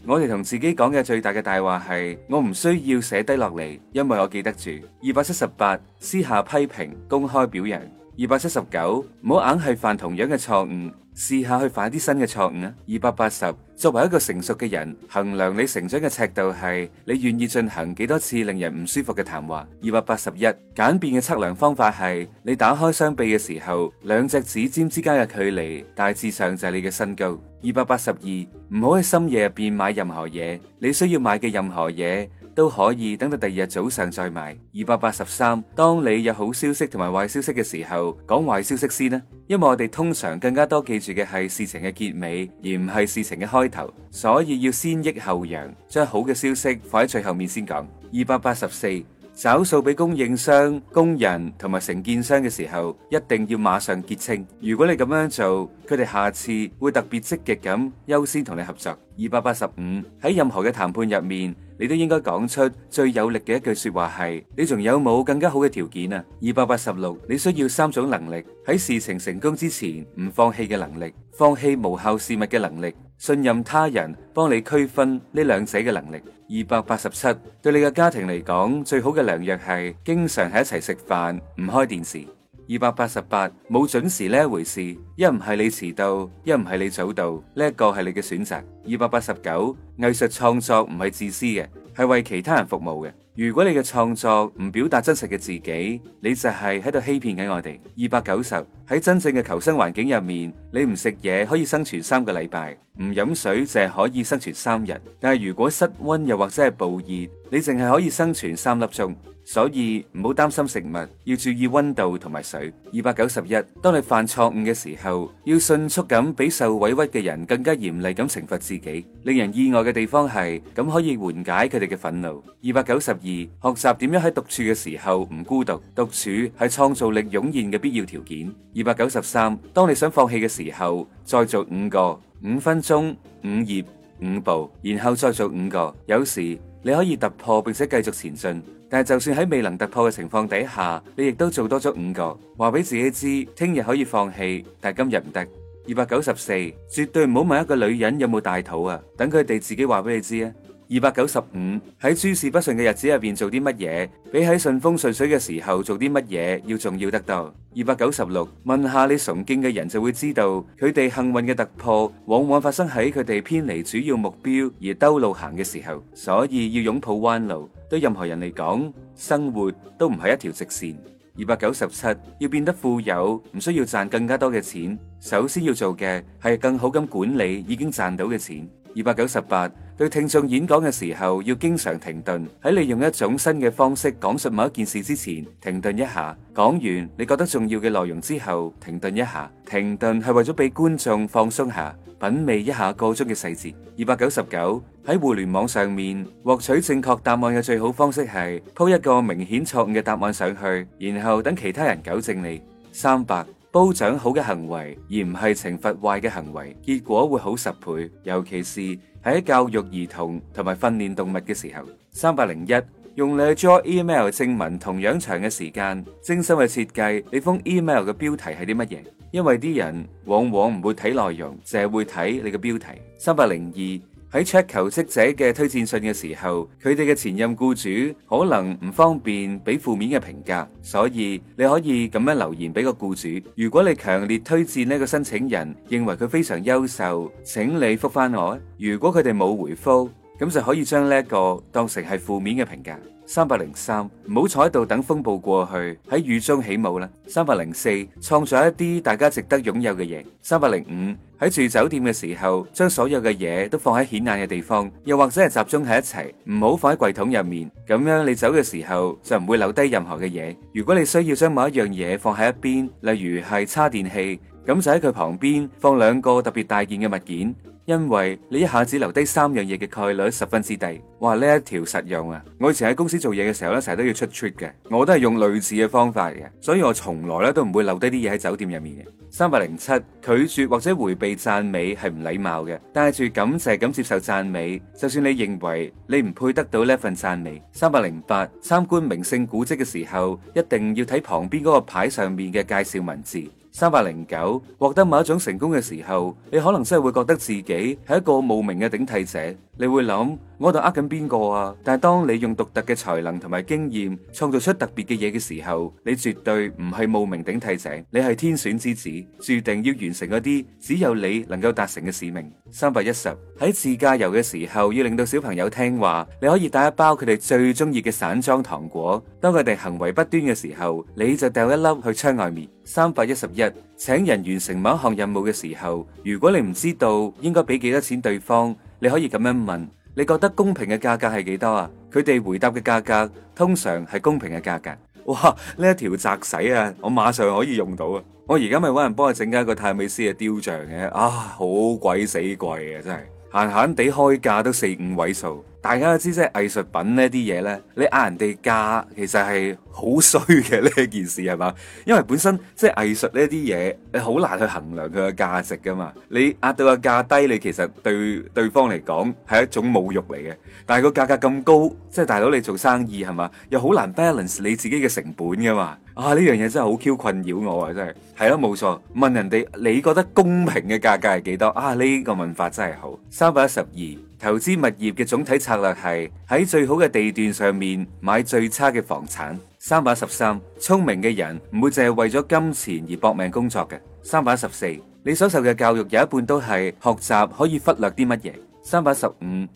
我哋同自己講嘅最大嘅大話係，我唔需要寫低落嚟，因為我記得住。二百七十八，私下批評，公開表揚。二百七十九，唔好硬係犯同樣嘅錯誤，試下去犯啲新嘅錯誤啊！二百八十，作為一個成熟嘅人，衡量你成長嘅尺度係你願意進行幾多次令人唔舒服嘅談話。二百八十一，簡便嘅測量方法係你打開雙臂嘅時候，兩隻指尖之間嘅距離，大致上就係你嘅身高。二百八十二，唔好喺深夜入邊買任何嘢，你需要買嘅任何嘢。都可以等到第二日早上再賣。二百八十三，當你有好消息同埋壞消息嘅時候，講壞消息先啦，因為我哋通常更加多記住嘅係事情嘅結尾，而唔係事情嘅開頭，所以要先抑後揚，將好嘅消息放喺最後面先講。二百八十四。找數俾供應商、工人同埋承建商嘅時候，一定要馬上結清。如果你咁樣做，佢哋下次會特別積極咁優先同你合作。二百八十五，喺任何嘅談判入面，你都應該講出最有力嘅一句說話係：你仲有冇更加好嘅條件啊？二百八十六，你需要三種能力：喺事情成功之前唔放棄嘅能力，放棄無效事物嘅能力。信任他人，幫你區分呢兩者嘅能力。二百八十七，對你嘅家庭嚟講，最好嘅良藥係經常喺一齊食飯，唔開電視。二百八十八冇準時呢一回事，一唔係你遲到，一唔係你早到，呢一個係你嘅選擇。二百八十九，藝術創作唔係自私嘅，係為其他人服務嘅。如果你嘅創作唔表達真實嘅自己，你就係喺度欺騙緊我哋。二百九十，喺真正嘅求生環境入面，你唔食嘢可以生存三個禮拜，唔飲水淨係可以生存三日。但係如果失溫又或者係暴熱，你淨係可以生存三粒鐘。所以唔好擔心食物，要注意溫度同埋水。二百九十一，當你犯錯誤嘅時候，要迅速咁比受委屈嘅人更加嚴厲咁懲罰自己。令人意外嘅地方係，咁可以緩解佢哋嘅憤怒。二百九十二，學習點樣喺獨處嘅時候唔孤獨。獨處係創造力湧現嘅必要條件。二百九十三，當你想放棄嘅時候，再做五個，五分鐘、五頁、五步，然後再做五個。有時，你可以突破並且繼續前進，但係就算喺未能突破嘅情況底下，你亦都做多咗五個，話俾自己知聽日可以放棄，但係今日唔得。二百九十四，絕對唔好問一個女人有冇大肚啊，等佢哋自己話俾你知啊。二百九十五，喺諸事不順嘅日子入邊做啲乜嘢，比喺順風順水嘅時候做啲乜嘢要重要得多。二百九十六，問下你崇敬嘅人就會知道，佢哋幸運嘅突破往往發生喺佢哋偏離主要目標而兜路行嘅時候，所以要擁抱彎路。對任何人嚟講，生活都唔係一條直線。二百九十七，要變得富有，唔需要賺更加多嘅錢，首先要做嘅係更好咁管理已經賺到嘅錢。二百九十八。對聽眾演講嘅時候要經常停頓，喺你用一種新嘅方式講述某一件事之前停頓一下，講完你覺得重要嘅內容之後停頓一下。停頓係為咗俾觀眾放鬆下，品味一下個中嘅細節。二百九十九喺互聯網上面獲取正確答案嘅最好方式係鋪一個明顯錯誤嘅答案上去，然後等其他人糾正你。三百褒獎好嘅行為而唔係懲罰壞嘅行為，結果會好十倍，尤其是。喺教育兒童同埋訓練動物嘅時候，三百零一，用你去做 email 正文同樣長嘅時間，精心嘅設計你封 email 嘅標題係啲乜嘢？因為啲人往往唔會睇內容，淨係會睇你嘅標題。三百零二。喺 check 求職者嘅推薦信嘅時候，佢哋嘅前任僱主可能唔方便俾負面嘅評價，所以你可以咁樣留言俾個僱主。如果你強烈推薦呢個申請人，認為佢非常優秀，請你覆翻我。如果佢哋冇回覆，咁就可以將呢個當成係負面嘅評價。三百零三，唔好坐喺度等風暴過去，喺雨中起舞啦。三百零四，創造一啲大家值得擁有嘅嘢。三百零五，喺住酒店嘅時候，將所有嘅嘢都放喺顯眼嘅地方，又或者係集中喺一齊，唔好放喺櫃桶入面。咁樣你走嘅時候就唔會留低任何嘅嘢。如果你需要將某一樣嘢放喺一邊，例如係叉電器，咁就喺佢旁邊放兩個特別大件嘅物件。因為你一下子留低三樣嘢嘅概率十分之低，哇！呢一條實用啊！我以前喺公司做嘢嘅時候咧，成日都要出 trip 嘅，我都係用類似嘅方法嘅，所以我從來咧都唔會留低啲嘢喺酒店入面嘅。三百零七，拒絕或者回避讚美係唔禮貌嘅，帶住感謝咁接受讚美，就算你認為你唔配得到呢份讚美。三百零八，參觀名勝古跡嘅時候，一定要睇旁邊嗰個牌上面嘅介紹文字。三百零九，獲得某一種成功嘅時候，你可能真係會覺得自己係一個冒名嘅頂替者。你會諗，我度呃緊邊個啊？但係當你用獨特嘅才能同埋經驗創造出特別嘅嘢嘅時候，你絕對唔係冒名頂替者，你係天選之子，注定要完成嗰啲只有你能夠達成嘅使命。三百一十，喺自駕遊嘅時候，要令到小朋友聽話，你可以帶一包佢哋最中意嘅散裝糖果。當佢哋行為不端嘅時候，你就掉一粒去窗外面。三百一十一，請人完成某一項任務嘅時候，如果你唔知道應該俾幾多錢對方。你可以咁樣問，你覺得公平嘅價格係幾多啊？佢哋回答嘅價格通常係公平嘅價格。哇！呢一條澤洗啊，我馬上可以用到啊！我而家咪搵人幫我整一個泰美斯嘅雕像嘅啊，啊，好鬼死貴嘅，啊、真係，閒閒地開價都四五位數。大家都知，即係藝術品呢啲嘢呢，你壓人哋價，其實係好衰嘅呢件事，係嘛？因為本身即係藝術呢啲嘢，你好難去衡量佢嘅價值噶嘛。你壓到個價低，你其實對對方嚟講係一種侮辱嚟嘅。但係個價格咁高，即係大佬你做生意係嘛，又好難 balance 你自己嘅成本噶嘛。啊，呢樣嘢真係好 Q 困擾我啊，真係。係咯，冇錯。問人哋你覺得公平嘅價格係幾多？啊，呢個問法真係好。三百一十二，投資物業嘅總體策略係喺最好嘅地段上面買最差嘅房產。三百一十三，聰明嘅人唔會淨係為咗金錢而搏命工作嘅。三百一十四，你所受嘅教育有一半都係學習可以忽略啲乜嘢。三百一十五，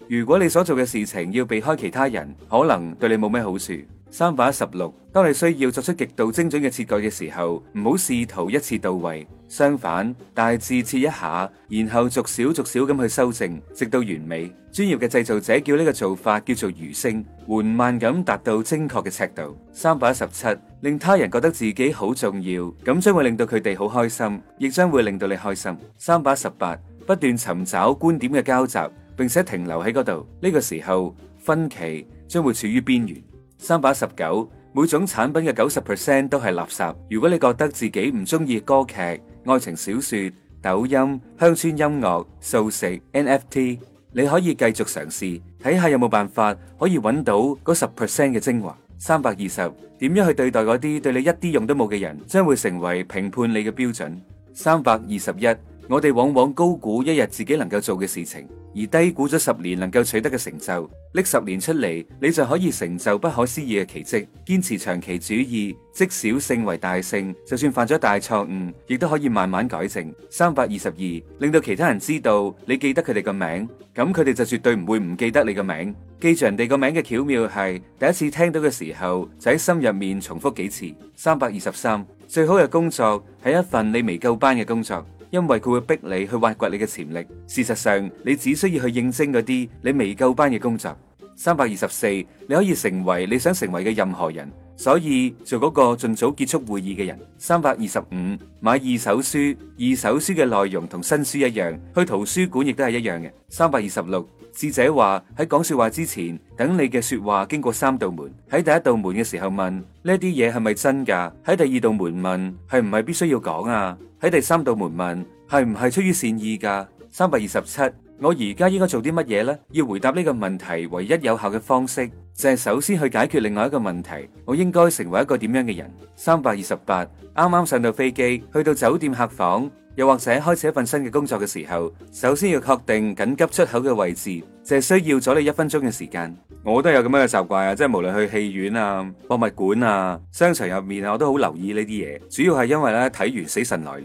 如果你所做嘅事情要避開其他人，可能對你冇咩好處。三百一十六，16，當你需要作出極度精準嘅切割嘅時候，唔好試圖一次到位。相反，大致切一下，然後逐少逐少咁去修正，直到完美。專業嘅製造者叫呢個做法叫做餘聲，緩慢咁達到精確嘅尺度。三百一十七，令他人覺得自己好重要，咁將會令到佢哋好開心，亦將會令到你開心。三百一十八，不斷尋找觀點嘅交集，並且停留喺嗰度，呢個時候，分歧將會處於邊緣。三百一十九，19, 每種產品嘅九十 percent 都係垃圾。如果你覺得自己唔中意歌劇、愛情小說、抖音、鄉村音樂、素食、NFT，你可以繼續嘗試，睇下有冇辦法可以揾到嗰十 percent 嘅精華。三百二十，點樣去對待嗰啲對你一啲用都冇嘅人，將會成為評判你嘅標準。三百二十一。我哋往往高估一日自己能夠做嘅事情，而低估咗十年能夠取得嘅成就。拎十年出嚟，你就可以成就不可思議嘅奇蹟。堅持長期主義，積小勝為大勝。就算犯咗大錯誤，亦都可以慢慢改正。三百二十二，令到其他人知道你記得佢哋嘅名，咁佢哋就絕對唔會唔記得你嘅名。記住人哋個名嘅巧妙係第一次聽到嘅時候，就喺心入面重複幾次。三百二十三，最好嘅工作係一份你未夠班嘅工作。因為佢會逼你去挖掘你嘅潛力。事實上，你只需要去應徵嗰啲你未夠班嘅工作。三百二十四，你可以成為你想成為嘅任何人，所以做嗰個盡早結束會議嘅人。三百二十五，買二手書，二手書嘅內容同新書一樣，去圖書館亦都係一樣嘅。三百二十六，智者話喺講說話之前，等你嘅說話經過三道門。喺第一道門嘅時候問，呢啲嘢係咪真㗎？喺第二道門問，係唔係必須要講啊？喺第三道門問，係唔係出於善意噶？三百二十七。我而家應該做啲乜嘢呢？要回答呢個問題，唯一有效嘅方式就係首先去解決另外一個問題。我應該成為一個點樣嘅人？三百二十八，啱啱上到飛機，去到酒店客房，又或者開始一份新嘅工作嘅時候，首先要確定緊急出口嘅位置，就係需要咗你一分鐘嘅時間。我都有咁樣嘅習慣啊，即係無論去戲院啊、博物館啊、商場入面啊，我都好留意呢啲嘢。主要係因為咧睇完《死神來了》，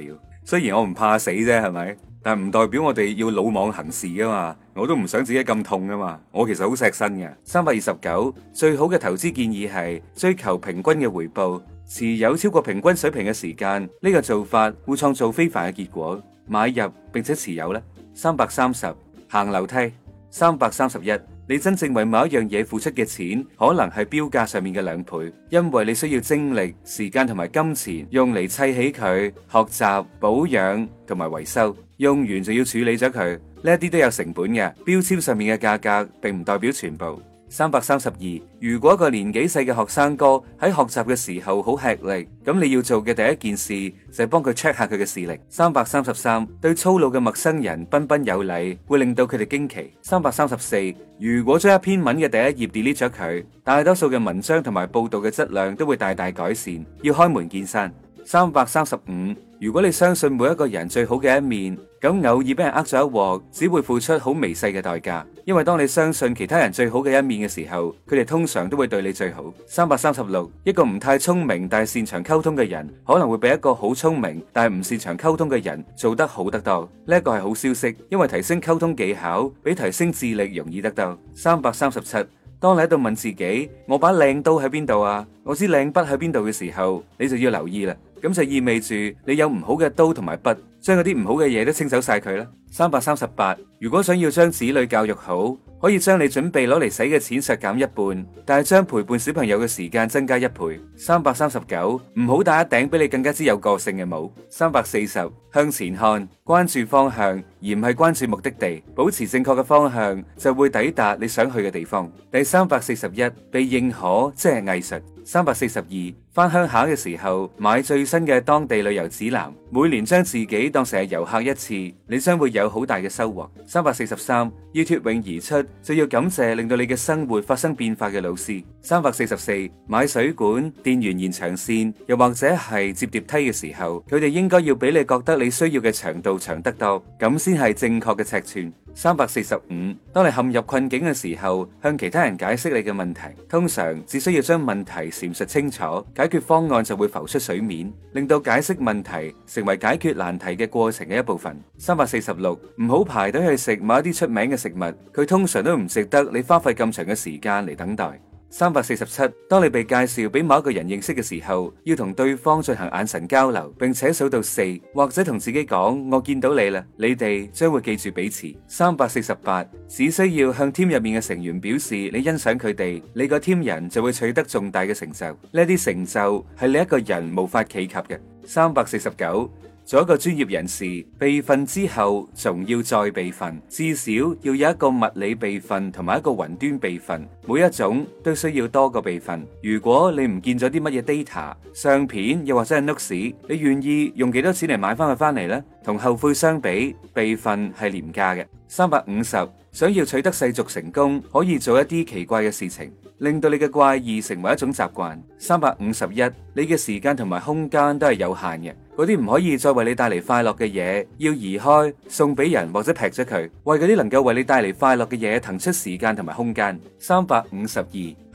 雖然我唔怕死啫，係咪？但唔代表我哋要魯莽行事噶嘛？我都唔想自己咁痛噶嘛。我其實好錫身嘅。三百二十九，最好嘅投資建議係追求平均嘅回報，持有超過平均水平嘅時間，呢個做法會創造非凡嘅結果。買入並且持有咧。三百三十，行樓梯。三百三十一，你真正為某一樣嘢付出嘅錢可能係標價上面嘅兩倍，因為你需要精力、時間同埋金錢用嚟砌起佢、學習、保養同埋維修。用完就要處理咗佢，呢一啲都有成本嘅。標籤上面嘅價格並唔代表全部。三百三十二，如果個年紀細嘅學生哥喺學習嘅時候好吃力，咁你要做嘅第一件事就係幫佢 check 下佢嘅視力。三百三十三，對粗魯嘅陌生人彬彬有禮會令到佢哋驚奇。三百三十四，如果將一篇文嘅第一頁 delete 咗佢，大多數嘅文章同埋報道嘅質量都會大大改善。要開門見山。三百三十五，如果你相信每一個人最好嘅一面，咁偶爾俾人呃咗一鑊，只會付出好微細嘅代價。因為當你相信其他人最好嘅一面嘅時候，佢哋通常都會對你最好。三百三十六，一個唔太聰明但係擅長溝通嘅人，可能會比一個好聰明但係唔擅長溝通嘅人做得好得多。呢一個係好消息，因為提升溝通技巧比提升智力容易得多。三百三十七，當你喺度問自己：我把靚刀喺邊度啊？我支靚筆喺邊度嘅時候，你就要留意啦。咁就意味住你有唔好嘅刀同埋筆，將嗰啲唔好嘅嘢都清走晒佢啦。三百三十八，如果想要將子女教育好，可以將你準備攞嚟使嘅錢削減一半，但係將陪伴小朋友嘅時間增加一倍。三百三十九，唔好戴一頂比你更加之有個性嘅帽。三百四十，向前看，關注方向而唔係關注目的地，保持正確嘅方向就會抵達你想去嘅地方。第三百四十一，被認可即係藝術。三百四十二，翻鄉下嘅時候買最新嘅當地旅遊指南，每年將自己當成係遊客一次，你將會有。有好大嘅收穫。三百四十三，要脫穎而出，就要感謝令到你嘅生活發生變化嘅老師。三百四十四，買水管、電源延長線，又或者係摺疊梯嘅時候，佢哋應該要比你覺得你需要嘅長度長得多，咁先係正確嘅尺寸。三百四十五，45，當你陷入困境嘅時候，向其他人解釋你嘅問題，通常只需要將問題闡述清楚，解決方案就會浮出水面，令到解釋問題成為解決難題嘅過程嘅一部分。三百四十六，唔好排隊去食某一啲出名嘅食物，佢通常都唔值得你花費咁長嘅時間嚟等待。三百四十七，7, 當你被介紹俾某一個人認識嘅時候，要同對方進行眼神交流，並且數到四，或者同自己講，我見到你啦，你哋將會記住彼此。三百四十八，只需要向 team 入面嘅成員表示你欣賞佢哋，你個 team 人就會取得重大嘅成就。呢啲成就係你一個人無法企及嘅。三百四十九，做一個專業人士，備份之後，仲要再備份，至少要有一個物理備份同埋一個雲端備份，每一種都需要多個備份。如果你唔見咗啲乜嘢 data、相片，又或者係 notes，你願意用幾多錢嚟買翻佢翻嚟呢？同後悔相比，備份係廉價嘅，三百五十。想要取得世俗成功，可以做一啲奇怪嘅事情。令到你嘅怪異成為一種習慣。三百五十一，你嘅時間同埋空間都係有限嘅，嗰啲唔可以再為你帶嚟快樂嘅嘢，要移開、送俾人或者劈咗佢，為嗰啲能夠為你帶嚟快樂嘅嘢騰出時間同埋空間。三百五十二，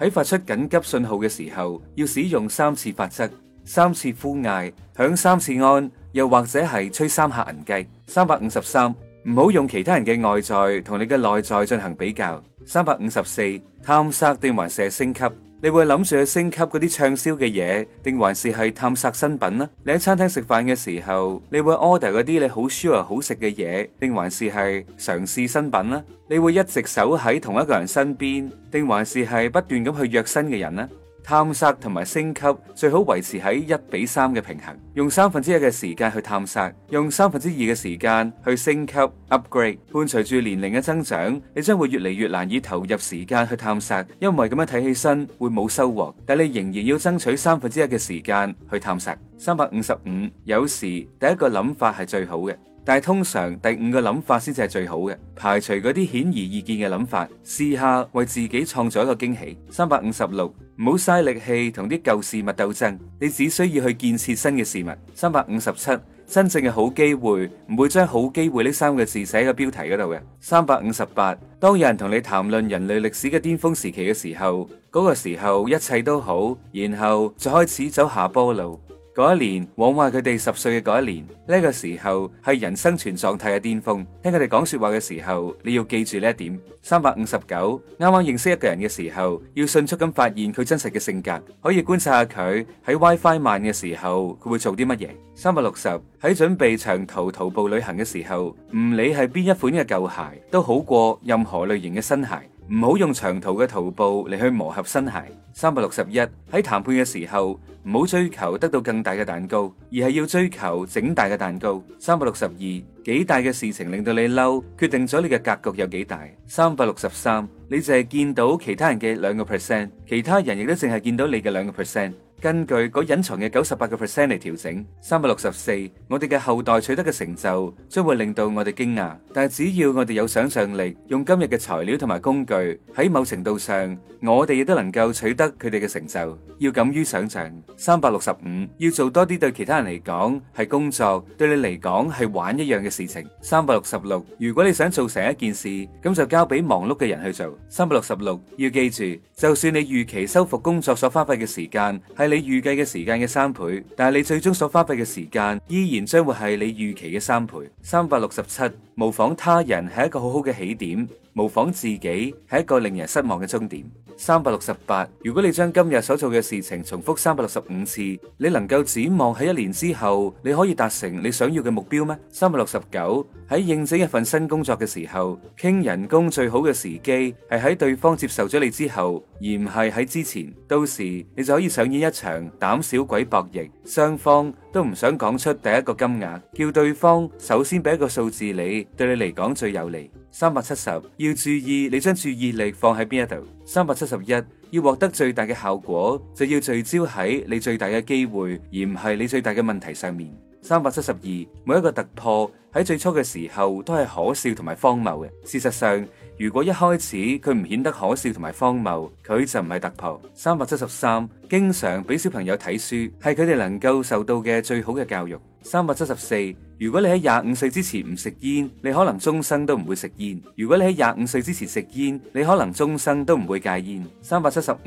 喺發出緊急信號嘅時候，要使用三次法則，三次呼嗌，響三次安，又或者係吹三下銀雞。三百五十三，唔好用其他人嘅外在同你嘅內在進行比較。三百五十四，4, 探索定還是升級？你會諗住去升級嗰啲暢銷嘅嘢，定還是係探索新品呢？你喺餐廳食飯嘅時候，你會 order 嗰啲你好 sure 好食嘅嘢，定還是係嘗試新品呢？你會一直守喺同一個人身邊，定還是係不斷咁去約新嘅人呢？探索同埋升級最好維持喺一比三嘅平衡，用三分之一嘅時間去探索，用三分之二嘅時間去升級 upgrade。伴隨住年齡嘅增長，你將會越嚟越難以投入時間去探索，因為咁樣睇起身會冇收穫。但你仍然要爭取三分之一嘅時間去探索。三百五十五，有時第一個諗法係最好嘅，但係通常第五個諗法先至係最好嘅。排除嗰啲顯而易見嘅諗法，試下為自己創造一個驚喜。三百五十六。唔好嘥力氣同啲舊事物鬥爭，你只需要去建設新嘅事物。三百五十七，真正嘅好機會唔會將好機會呢三個字寫喺個標題嗰度嘅。三百五十八，當有人同你談論人類歷史嘅巔峰時期嘅時候，嗰個時候一切都好，然後就開始走下坡路。嗰一年，往往佢哋十歲嘅嗰一年，呢個時候係人生存狀態嘅巔峰。聽佢哋講說話嘅時候，你要記住呢一點。三百五十九，啱啱認識一個人嘅時候，要迅速咁發現佢真實嘅性格，可以觀察下佢喺 WiFi 慢嘅時候佢會做啲乜嘢。三百六十，喺準備長途徒步旅行嘅時候，唔理係邊一款嘅舊鞋，都好過任何類型嘅新鞋。唔好用長途嘅徒步嚟去磨合新鞋。三百六十一，喺談判嘅時候，唔好追求得到更大嘅蛋糕，而係要追求整大嘅蛋糕。三百六十二，幾大嘅事情令到你嬲，決定咗你嘅格局有幾大。三百六十三，你淨係見到其他人嘅兩個 percent，其他人亦都淨係見到你嘅兩個 percent。根據嗰隱藏嘅九十八個 percent 嚟調整，三百六十四，我哋嘅後代取得嘅成就將會令到我哋驚訝。但係只要我哋有想象力，用今日嘅材料同埋工具，喺某程度上，我哋亦都能夠取得佢哋嘅成就。要敢於想象。三百六十五，要做多啲對其他人嚟講係工作，對你嚟講係玩一樣嘅事情。三百六十六，如果你想做成一件事，咁就交俾忙碌嘅人去做。三百六十六，要記住，就算你預期修復工作所花費嘅時間係。你預計嘅時間嘅三倍，但係你最終所花費嘅時間依然將會係你預期嘅三倍。三百六十七，模仿他人係一個好好嘅起點。模仿自己係一個令人失望嘅終點。三百六十八，如果你將今日所做嘅事情重複三百六十五次，你能夠展望喺一年之後，你可以達成你想要嘅目標咩？三百六十九，喺應徵一份新工作嘅時候，傾人工最好嘅時機係喺對方接受咗你之後，而唔係喺之前。到時你就可以上演一場膽小鬼博弈，雙方都唔想講出第一個金額，叫對方首先俾一個數字你，對你嚟講最有利。三百七十。要注意你將注意力放喺邊一度。三百七十一，要獲得最大嘅效果，就要聚焦喺你最大嘅機會，而唔係你最大嘅問題上面。三百七十二，每一個突破喺最初嘅時候都係可笑同埋荒謬嘅。事實上，如果一開始佢唔顯得可笑同埋荒謬，佢就唔係突破。三百七十三，經常俾小朋友睇書，係佢哋能夠受到嘅最好嘅教育。三百七十四。如果你喺廿五歲之前唔食煙，你可能終生都唔會食煙；如果你喺廿五歲之前食煙，你可能終生都唔會戒煙。三百七十五，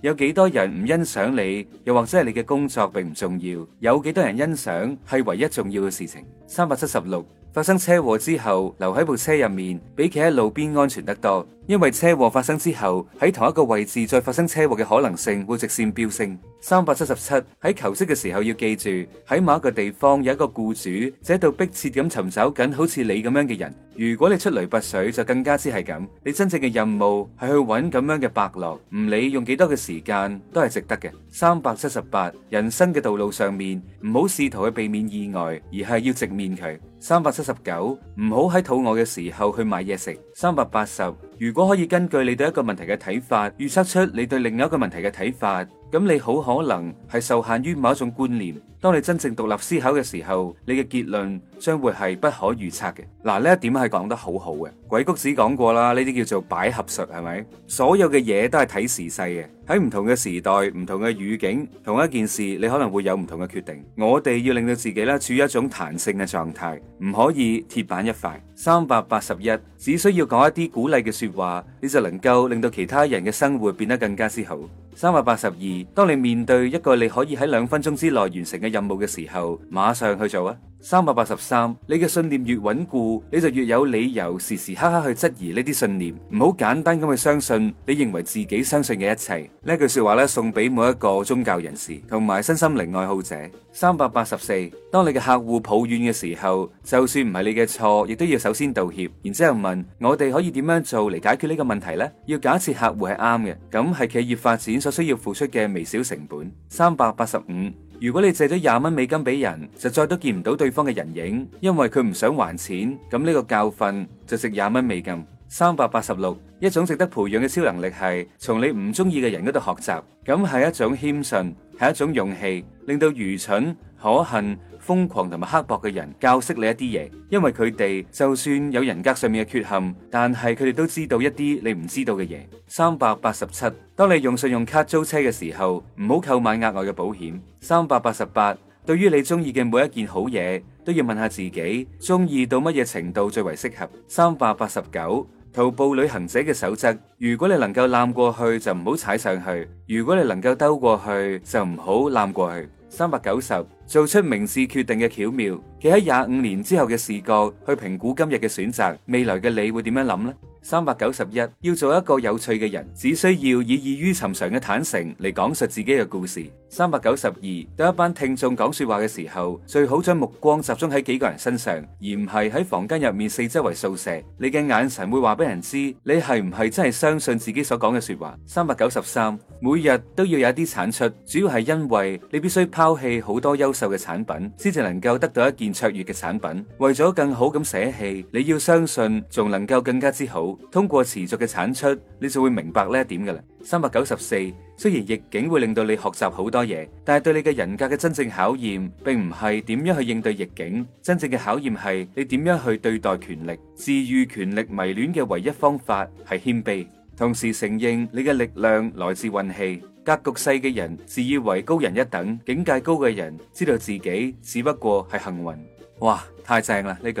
有幾多人唔欣賞你？又或者係你嘅工作並唔重要？有幾多人欣賞係唯一重要嘅事情？三百七十六，發生車禍之後留喺部車入面，比企喺路邊安全得多。因為車禍發生之後，喺同一個位置再發生車禍嘅可能性會直線飆升。三百七十七，喺求職嘅時候要記住，喺某一個地方有一個僱主正喺度迫切咁尋找緊好似你咁樣嘅人。如果你出類拔萃，就更加之係咁。你真正嘅任務係去揾咁樣嘅伯樂，唔理用幾多嘅時間都係值得嘅。三百七十八，人生嘅道路上面唔好試圖去避免意外，而係要直面佢。三百七十九，唔好喺肚餓嘅時候去買嘢食。三百八十。如果可以根據你對一個問題嘅睇法，預測出你對另一個問題嘅睇法。咁你好可能係受限於某一種觀念，當你真正獨立思考嘅時候，你嘅結論將會係不可預測嘅。嗱、啊、呢一點係講得好好嘅，鬼谷子講過啦，呢啲叫做捭闔術，係咪？所有嘅嘢都係睇時勢嘅，喺唔同嘅時代、唔同嘅語境，同一件事，你可能會有唔同嘅決定。我哋要令到自己呢處於一種彈性嘅狀態，唔可以鐵板一塊。三百八十一，只需要講一啲鼓勵嘅說話。你就能夠令到其他人嘅生活變得更加之好。三百八十二，當你面對一個你可以喺兩分鐘之內完成嘅任務嘅時候，馬上去做啊。三百八十三，3，你嘅信念越穩固，你就越有理由時時刻刻去質疑呢啲信念。唔好簡單咁去相信你認為自己相信嘅一切。句呢句說話咧，送俾每一個宗教人士同埋身心靈愛好者。三百八十四，當你嘅客戶抱怨嘅時候，就算唔係你嘅錯，亦都要首先道歉，然之後問我哋可以點樣做嚟解決呢個問題呢？要假設客戶係啱嘅，咁係企業發展所需要付出嘅微小成本。三百八十五。如果你借咗廿蚊美金俾人，就再都見唔到對方嘅人影，因為佢唔想還錢，咁呢個教訓就值廿蚊美金。三百八十六，一種值得培養嘅超能力係從你唔中意嘅人嗰度學習，咁係一種謙遜，係一種勇氣，令到愚蠢、可恨瘋狂同埋刻薄嘅人教識你一啲嘢，因為佢哋就算有人格上面嘅缺陷，但係佢哋都知道一啲你唔知道嘅嘢。三百八十七，當你用信用卡租車嘅時候，唔好購買額外嘅保險。三百八十八，對於你中意嘅每一件好嘢，都要問下自己中意到乜嘢程度最為適合。三百八十九，徒步旅行者嘅守則：如果你能夠攬過去，就唔好踩上去；如果你能夠兜過去，就唔好攬過去。三百九十，90，做出明智決定嘅巧妙，企喺廿五年之後嘅視角去評估今日嘅選擇，未來嘅你會點樣諗呢？三百九十一，要做一個有趣嘅人，只需要以異於尋常嘅坦誠嚟講述自己嘅故事。三百九十二，當一班聽眾講說話嘅時候，最好將目光集中喺幾個人身上，而唔係喺房間入面四周圍掃射。你嘅眼神會話俾人知，你係唔係真係相信自己所講嘅說話。三百九十三，每日都要有一啲產出，主要係因為你必須拋棄好多優秀嘅產品，先至能夠得到一件卓越嘅產品。為咗更好咁捨棄，你要相信仲能夠更加之好。通過持續嘅產出，你就會明白呢一點噶啦。三百九十四。雖然逆境會令到你學習好多嘢，但係對你嘅人格嘅真正考驗，並唔係點樣去應對逆境，真正嘅考驗係你點樣去對待權力。治愈權力迷戀嘅唯一方法係謙卑，同時承認你嘅力量來自運氣。格局細嘅人自以為高人一等，境界高嘅人知道自己只不過係幸運。哇，太正啦呢句！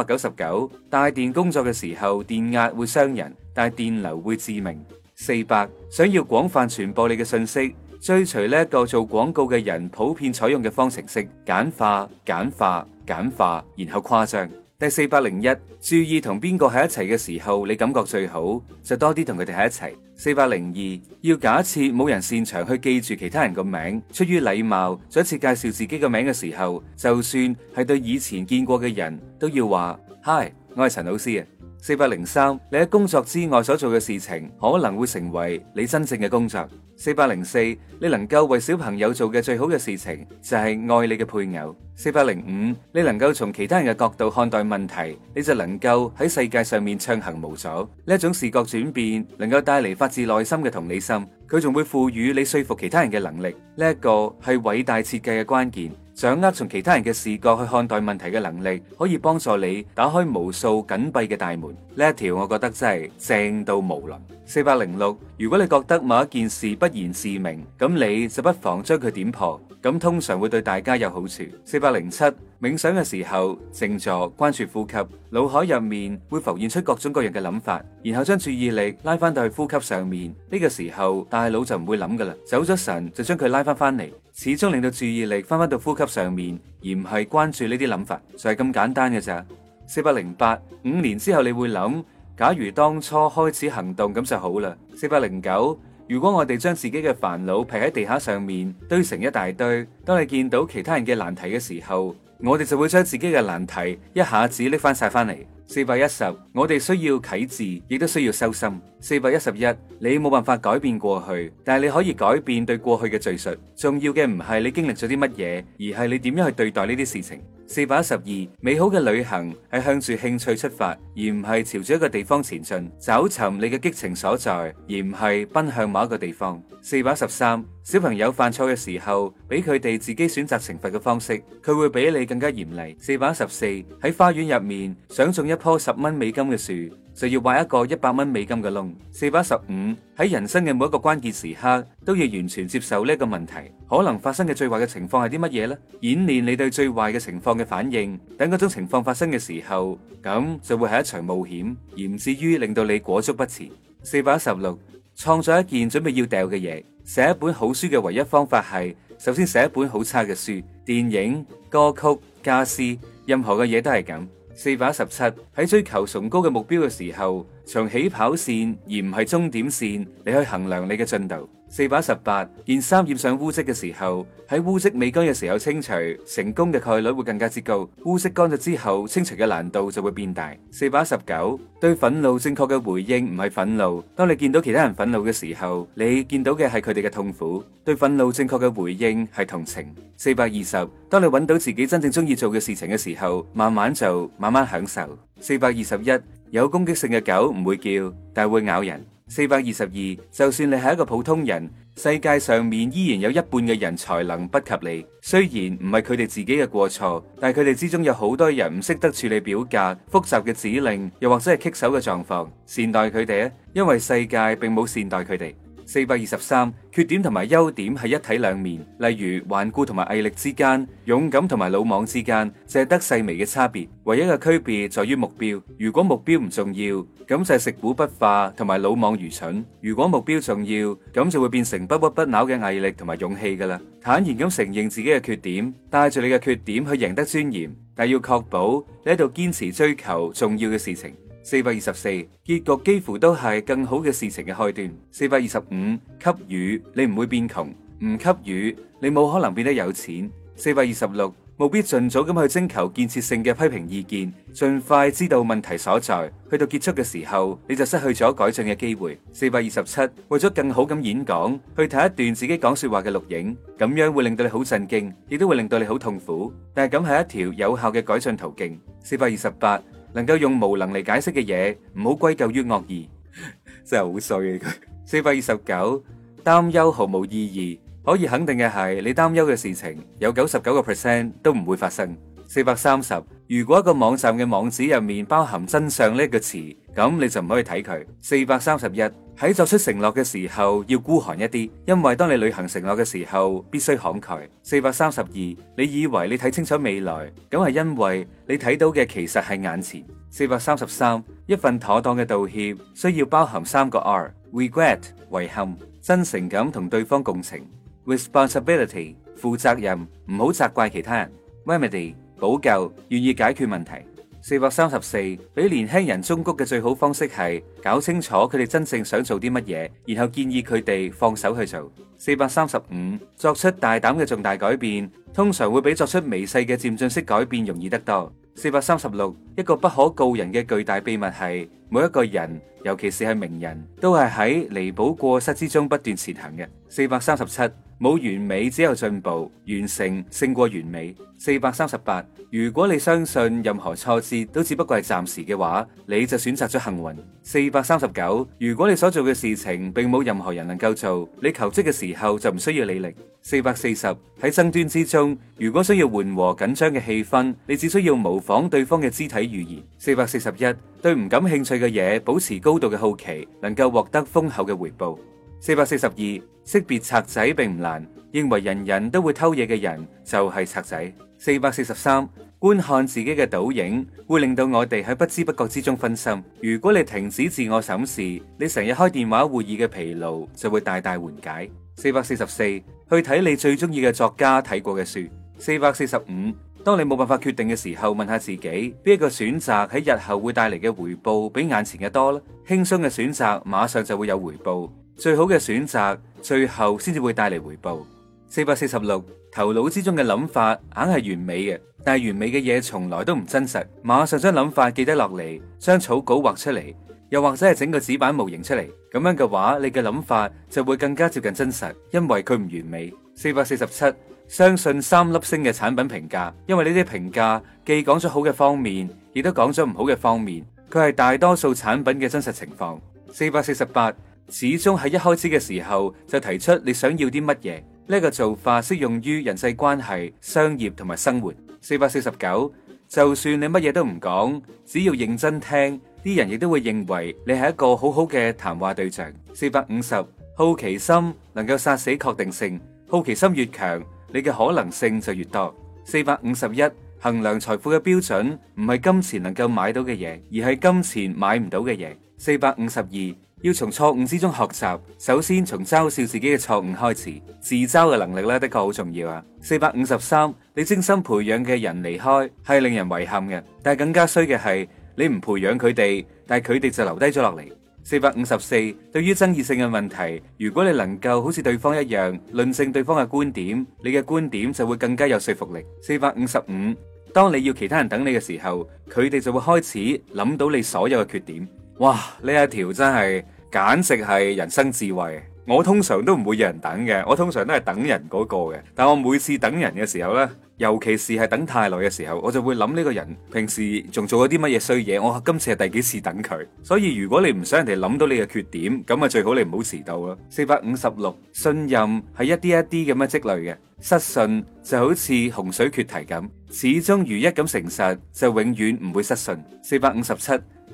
九十九，99，帶電工作嘅時候，電壓會傷人，但係電流會致命。四百，想要廣泛傳播你嘅信息，追隨呢一個做廣告嘅人，普遍採用嘅方程式：簡化、簡化、簡化，然後誇張。第四百零一，注意同邊個喺一齊嘅時候，你感覺最好就多啲同佢哋喺一齊。四百零二，要假設冇人擅長去記住其他人個名，出於禮貌，再一次介紹自己個名嘅時候，就算係對以前見過嘅人都要話：「Hi，我係陳老 C 啊。四百零三，3，你喺工作之外所做嘅事情，可能會成為你真正嘅工作。四百零四，你能夠為小朋友做嘅最好嘅事情，就係、是、愛你嘅配偶。四百零五，你能夠從其他人嘅角度看待問題，你就能夠喺世界上面暢行無阻。呢一種視覺轉變，能夠帶嚟發自內心嘅同理心，佢仲會賦予你說服其他人嘅能力。呢、這、一個係偉大設計嘅關鍵。掌握從其他人嘅視角去看待問題嘅能力，可以幫助你打開無數緊閉嘅大門。呢一條我覺得真係正到無倫。四百零六，如果你覺得某一件事不言自明，咁你就不妨將佢點破，咁通常會對大家有好處。四百零七。冥想嘅時候，靜坐，關注呼吸，腦海入面會浮現出各種各樣嘅諗法，然後將注意力拉翻到去呼吸上面。呢個時候，大腦就唔會諗噶啦，走咗神就將佢拉翻翻嚟，始終令到注意力翻翻到呼吸上面，而唔係關注呢啲諗法，就係咁簡單嘅咋。四百零八，五年之後你會諗。假如當初開始行動咁就好啦。四百零九，如果我哋將自己嘅煩惱排喺地下上面，堆成一大堆，當你見到其他人嘅難題嘅時候，我哋就會將自己嘅難題一下子拎翻晒翻嚟。四百一十，我哋需要啟智，亦都需要修心。四百一十一，11，你冇辦法改變過去，但係你可以改變對過去嘅敘述。重要嘅唔係你經歷咗啲乜嘢，而係你點樣去對待呢啲事情。四百一十二，美好嘅旅行係向住興趣出發，而唔係朝住一個地方前進。找尋你嘅激情所在，而唔係奔向某一個地方。四百一十三，小朋友犯錯嘅時候，俾佢哋自己選擇懲罰嘅方式，佢會比你更加嚴厲。四百一十四，喺花園入面想種一棵十蚊美金嘅樹，就要壞一個一百蚊美金嘅窿。四百一十五喺人生嘅每一個關鍵時刻，都要完全接受呢一個問題可能發生嘅最壞嘅情況係啲乜嘢呢？演練你對最壞嘅情況嘅反應，等嗰種情況發生嘅時候，咁就會係一場冒險，而唔至於令到你裹足不前。四百一十六，創作一件準備要掉嘅嘢，寫一本好書嘅唯一方法係，首先寫一本好差嘅書。電影、歌曲、家私，任何嘅嘢都係咁。四百一十七，喺追求崇高嘅目標嘅時候，從起跑線而唔係終點線，你去衡量你嘅進度。四百一十八，件衫染上污漬嘅時候，喺污漬未乾嘅時候清除，成功嘅概率會更加之高。污漬乾咗之後，清除嘅難度就會變大。四百一十九，對憤怒正確嘅回應唔係憤怒。當你見到其他人憤怒嘅時候，你見到嘅係佢哋嘅痛苦。對憤怒正確嘅回應係同情。四百二十，當你揾到自己真正中意做嘅事情嘅時候，慢慢做，慢慢享受。四百二十一，有攻擊性嘅狗唔會叫，但係會咬人。四百二十二，22，就算你係一個普通人，世界上面依然有一半嘅人才能不及你。雖然唔係佢哋自己嘅過錯，但係佢哋之中有好多人唔識得處理表格、複雜嘅指令，又或者係棘手嘅狀況。善待佢哋啊，因為世界並冇善待佢哋。四百二十三，缺點同埋優點係一體兩面，例如頑固同埋毅力之間，勇敢同埋魯莽之間，淨係得細微嘅差別。唯一嘅區別在於目標。如果目標唔重要，咁就係食古不化同埋魯莽愚蠢；如果目標重要，咁就會變成不屈不撓嘅毅力同埋勇氣噶啦。坦然咁承認自己嘅缺點，帶住你嘅缺點去贏得尊嚴，但要確保你喺度堅持追求重要嘅事情。四百二十四，24, 結局幾乎都係更好嘅事情嘅開端。四百二十五，給予你唔會變窮，唔給予你冇可能變得有錢。四百二十六，務必盡早咁去徵求建設性嘅批評意見，盡快知道問題所在，去到結束嘅時候你就失去咗改進嘅機會。四百二十七，為咗更好咁演講，去睇一段自己講說話嘅錄影，咁樣會令到你好震驚，亦都會令到你好痛苦，但係咁係一條有效嘅改進途徑。四百二十八。能夠用無能嚟解釋嘅嘢，唔好歸咎於惡意， 真係好衰啊！佢四百二十九，擔憂毫無意義。可以肯定嘅係，你擔憂嘅事情有九十九個 percent 都唔會發生。四百三十，如果一個網站嘅網址入面包含真相呢個詞，咁你就唔可以睇佢。四百三十一，喺作出承諾嘅時候要孤寒一啲，因為當你履行承諾嘅時候必須慷慨。四百三十二，你以為你睇清楚未來，咁係因為你睇到嘅其實係眼前。四百三十三，一份妥當嘅道歉需要包含三個 R：regret（ 遺憾）、真誠咁同對方共情、responsibility（ 負責任）、唔好責怪其他人、remedy（ 補救）、願意解決問題。四百三十四，俾年輕人忠告嘅最好方式係搞清楚佢哋真正想做啲乜嘢，然後建議佢哋放手去做。四百三十五，作出大膽嘅重大改變，通常會比作出微細嘅漸進式改變容易得多。四百三十六，一個不可告人嘅巨大秘密係每一個人，尤其是係名人，都係喺彌補過失之中不斷前行嘅。四百三十七。冇完美，只有進步。完成勝過完美。四百三十八，如果你相信任何挫折都只不過係暫時嘅話，你就選擇咗幸運。四百三十九，如果你所做嘅事情並冇任何人能夠做，你求職嘅時候就唔需要履歷。四百四十，喺爭端之中，如果需要緩和緊張嘅氣氛，你只需要模仿對方嘅肢體語言。四百四十一，對唔感興趣嘅嘢保持高度嘅好奇，能夠獲得豐厚嘅回報。四百四十二，42，識別賊仔並唔難。認為人人都會偷嘢嘅人就係賊仔。四百四十三，觀看自己嘅倒影會令到我哋喺不知不覺之中分心。如果你停止自我審視，你成日開電話會議嘅疲勞就會大大緩解。四百四十四，去睇你最中意嘅作家睇過嘅書。四百四十五，當你冇辦法決定嘅時候，問下自己，邊一個選擇喺日後會帶嚟嘅回報比眼前嘅多咧？輕鬆嘅選擇馬上就會有回報。最好嘅選擇，最後先至會帶嚟回報。四百四十六，頭腦之中嘅諗法硬係完美嘅，但係完美嘅嘢從來都唔真實。馬上將諗法記低落嚟，將草稿畫出嚟，又或者係整個紙板模型出嚟，咁樣嘅話，你嘅諗法就會更加接近真實，因為佢唔完美。四百四十七，相信三粒星嘅產品評價，因為呢啲評價既講咗好嘅方面，亦都講咗唔好嘅方面，佢係大多數產品嘅真實情況。四百四十八。始終喺一開始嘅時候就提出你想要啲乜嘢。呢個做法適用於人際關係、商業同埋生活。四百四十九，就算你乜嘢都唔講，只要認真聽，啲人亦都會認為你係一個好好嘅談話對象。四百五十，好奇心能夠殺死確定性，好奇心越強，你嘅可能性就越多。四百五十一，衡量財富嘅標準唔係金錢能夠買到嘅嘢，而係金錢買唔到嘅嘢。四百五十二。要從錯誤之中學習，首先從嘲笑自己嘅錯誤開始，自嘲嘅能力咧，的確好重要啊。四百五十三，你精心培養嘅人離開係令人遺憾嘅，但係更加衰嘅係你唔培養佢哋，但係佢哋就留低咗落嚟。四百五十四，對於爭議性嘅問題，如果你能夠好似對方一樣論證對方嘅觀點，你嘅觀點就會更加有說服力。四百五十五，當你要其他人等你嘅時候，佢哋就會開始諗到你所有嘅缺點。哇，呢一條真係～簡直係人生智慧。我通常都唔會有人等嘅，我通常都係等人嗰個嘅。但我每次等人嘅時候呢，尤其是係等太耐嘅時候，我就會諗呢個人平時仲做咗啲乜嘢衰嘢。我今次係第幾次等佢？所以如果你唔想人哋諗到你嘅缺點，咁啊最好你唔好遲到啦。四百五十六，信任係一啲一啲咁樣積累嘅，失信就好似洪水缺堤咁，始終如一咁誠實就永遠唔會失信。四百五十七。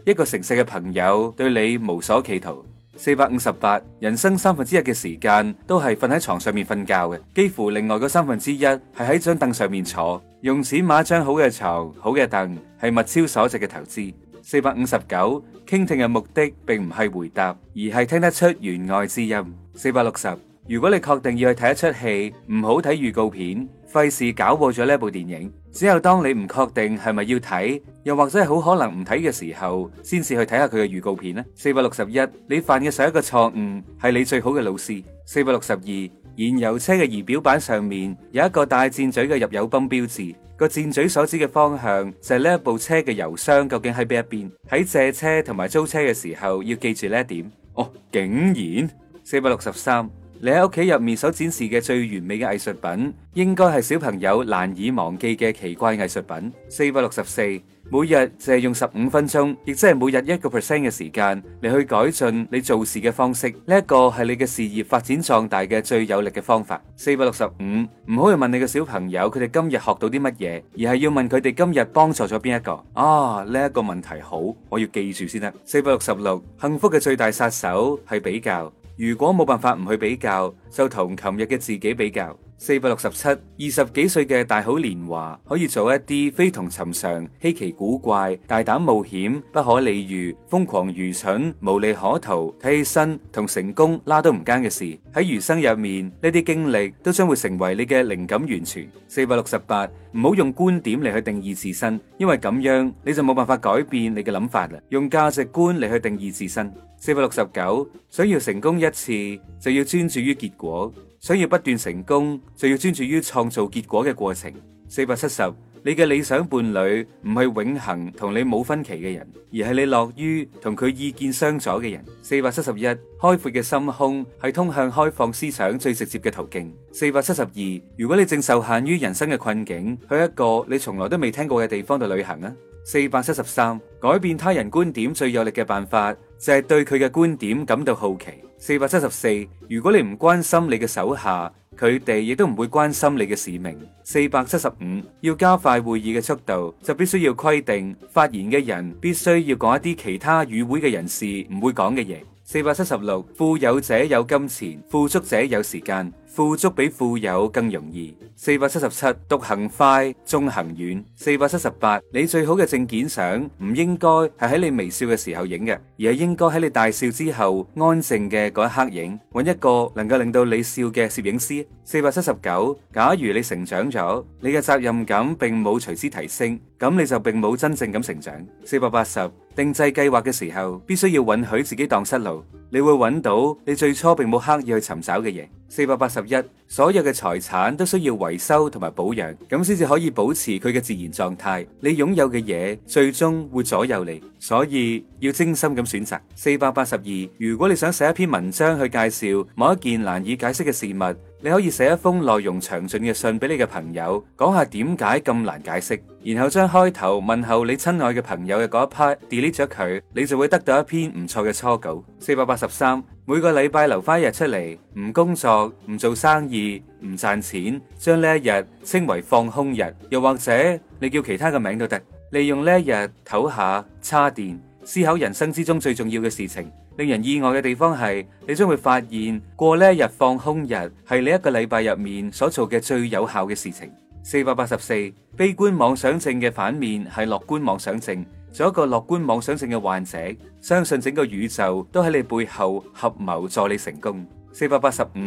一個誠實嘅朋友對你無所企圖。四百五十八，人生三分之一嘅時間都係瞓喺床上面瞓覺嘅，幾乎另外嗰三分之一係喺張凳上面坐。用錢買一張好嘅床、好嘅凳，係物超所值嘅投資。四百五十九，傾聽嘅目的並唔係回答，而係聽得出弦外之音。四百六十，如果你確定要去睇一出戲，唔好睇預告片，費事搞禍咗呢一部電影。只有當你唔確定係咪要睇。又或者係好可能唔睇嘅時候，先至去睇下佢嘅預告片咧。四百六十一，你犯嘅上一個錯誤係你最好嘅老師。四百六十二，燃油車嘅儀表板上面有一個大箭嘴嘅入油泵標誌，個箭嘴所指嘅方向就係、是、呢一部車嘅油箱究竟喺邊一邊。喺借車同埋租車嘅時候要記住呢一點。哦，竟然四百六十三，3，你喺屋企入面所展示嘅最完美嘅藝術品，應該係小朋友難以忘記嘅奇怪藝術品。四百六十四。每日淨係用十五分鐘，亦即係每日一個 percent 嘅時間嚟去改進你做事嘅方式。呢一個係你嘅事業發展壯大嘅最有力嘅方法。四百六十五，唔好去問你嘅小朋友，佢哋今日學到啲乜嘢，而係要問佢哋今日幫助咗邊一個。啊，呢一個問題好，我要記住先得。四百六十六，幸福嘅最大殺手係比較。如果冇辦法唔去比較，就同琴日嘅自己比較。四百六十七，二十幾歲嘅大好年華，可以做一啲非同尋常、稀奇古怪、大膽冒險、不可理喻、瘋狂愚蠢、無利可圖、睇起身同成功拉都唔奸嘅事。喺餘生入面，呢啲經歷都將會成為你嘅靈感源泉。四百六十八，唔好用觀點嚟去定義自身，因為咁樣你就冇辦法改變你嘅諗法啦。用價值觀嚟去定義自身。四百六十九，想要成功一次，就要專注於結果。想要不斷成功，就要專注於創造結果嘅過程。四百七十，你嘅理想伴侶唔係永恆同你冇分歧嘅人，而係你樂於同佢意見相左嘅人。四百七十一，開闊嘅心胸係通向開放思想最直接嘅途徑。四百七十二，如果你正受限於人生嘅困境，去一個你從來都未聽過嘅地方度旅行啊。四百七十三，改變他人觀點最有力嘅辦法，就係對佢嘅觀點感到好奇。四百七十四，4, 如果你唔關心你嘅手下，佢哋亦都唔會關心你嘅使命。四百七十五，要加快會議嘅速度，就必須要規定發言嘅人必須要講一啲其他與會嘅人士唔會講嘅嘢。四百七十六，富有者有金錢，富足者有時間。富足比富有更容易。四百七十七，獨行快，眾行遠。四百七十八，你最好嘅證件相唔應該係喺你微笑嘅時候影嘅，而係應該喺你大笑之後安靜嘅嗰一刻影，揾一個能夠令到你笑嘅攝影師。四百七十九，假如你成長咗，你嘅責任感並冇隨之提升，咁你就並冇真正咁成長。四百八十。定制計劃嘅時候，必須要允許自己蕩失路，你會揾到你最初並冇刻意去尋找嘅嘢。四百八十一，所有嘅財產都需要維修同埋保養，咁先至可以保持佢嘅自然狀態。你擁有嘅嘢最終會左右你，所以要精心咁選擇。四百八十二，如果你想寫一篇文章去介紹某一件難以解釋嘅事物。你可以寫一封內容詳盡嘅信俾你嘅朋友，講下點解咁難解釋，然後將開頭問候你親愛嘅朋友嘅嗰一 part delete 咗佢，你就會得到一篇唔錯嘅初稿。四百八十三，每個禮拜留翻一日出嚟，唔工作，唔做生意，唔賺錢，將呢一日稱為放空日，又或者你叫其他嘅名都得，利用呢一日唞下、叉電、思考人生之中最重要嘅事情。令人意外嘅地方係，你將會發現過呢一日放空日係你一個禮拜入面所做嘅最有效嘅事情。四百八十四，悲觀妄想症嘅反面係樂觀妄想症。做一個樂觀妄想症嘅患者，相信整個宇宙都喺你背後合謀助你成功。四百八十五，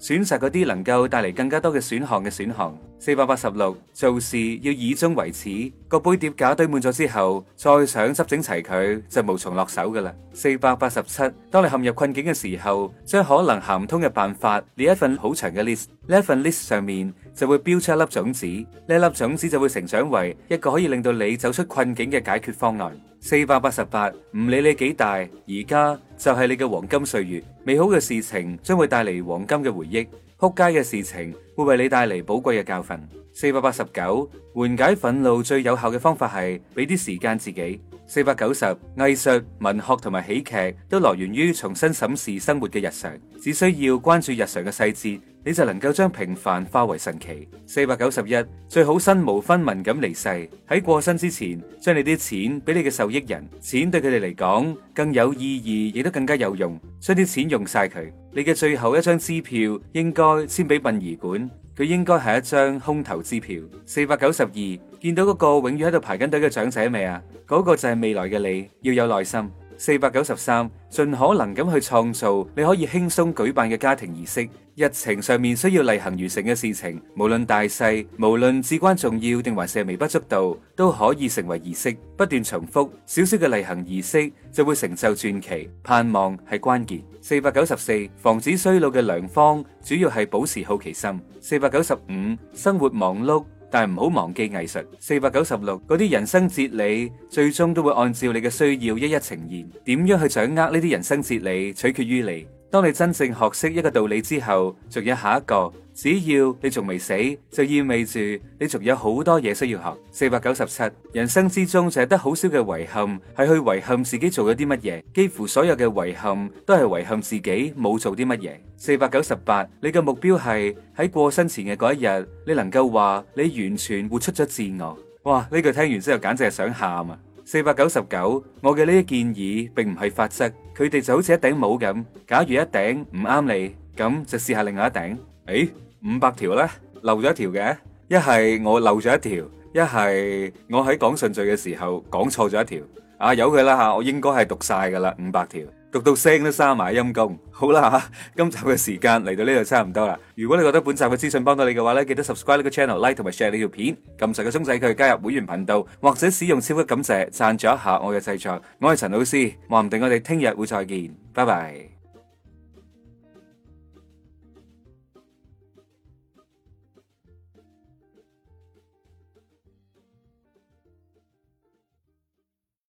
選擇嗰啲能夠帶嚟更加多嘅選項嘅選項。四百八十六，6, 做事要以終為始。個杯碟架堆滿咗之後，再想執整齊佢就無從落手噶啦。四百八十七，當你陷入困境嘅時候，將可能行唔通嘅辦法列一份好長嘅 list。呢一份 list 上面就會標出一粒種子，呢粒種子就會成長為一個可以令到你走出困境嘅解決方案。四百八十八，唔理你幾大，而家就係你嘅黃金歲月，美好嘅事情將會帶嚟黃金嘅回憶。撲街嘅事情會為你帶嚟寶貴嘅教訓。四百八十九，緩解憤怒最有效嘅方法係俾啲時間自己。四百九十，藝術、文學同埋喜劇都來源於重新審視生活嘅日常，只需要關注日常嘅細節。你就能夠將平凡化為神奇。四百九十一，最好身無分文咁離世，喺過身之前將你啲錢俾你嘅受益人，錢對佢哋嚟講更有意義，亦都更加有用，將啲錢用晒佢。你嘅最後一張支票應該先俾殯儀館，佢應該係一張空頭支票。四百九十二，見到嗰個永遠喺度排緊隊嘅長者未啊？嗰個就係未來嘅你，要有耐心。四百九十三，盡可能咁去創造你可以輕鬆舉辦嘅家庭儀式。日程上面需要例行完成嘅事情，無論大細，無論至關重要定還是微不足道，都可以成為儀式。不斷重複，小小嘅例行儀式就會成就傳奇。盼望係關鍵。四百九十四，防止衰老嘅良方主要係保持好奇心。四百九十五，生活忙碌。但係唔好忘記藝術，四百九十六嗰啲人生哲理，最終都會按照你嘅需要一一呈現。點樣去掌握呢啲人生哲理，取決於你。當你真正學識一個道理之後，仲有下一個。只要你仲未死，就意味住你仲有好多嘢需要學。四百九十七，人生之中就係得好少嘅遺憾，係去遺憾自己做咗啲乜嘢。幾乎所有嘅遺憾都係遺憾自己冇做啲乜嘢。四百九十八，你嘅目標係喺過身前嘅嗰一日，你能夠話你完全活出咗自我。哇！呢句聽完之後簡直係想喊啊！四百九十九，我嘅呢啲建議並唔係法則，佢哋就好似一頂帽咁。假如一頂唔啱你，咁就試下另外一頂。誒、欸？五百條呢，漏咗一條嘅，一係我漏咗一條，一係我喺講順序嘅時候講錯咗一條，啊由佢啦吓，我應該係讀晒噶啦，五百條讀到聲都沙埋陰功，好啦吓，今集嘅時間嚟到呢度差唔多啦，如果你覺得本集嘅資訊幫到你嘅話咧，記得 subscribe 呢個 channel、like 同埋 share 呢條片，撳實個鐘仔佢加入會員頻道，或者使用超級感謝贊助一下我嘅製作，我係陳老 C，話唔定我哋聽日會再見，拜拜。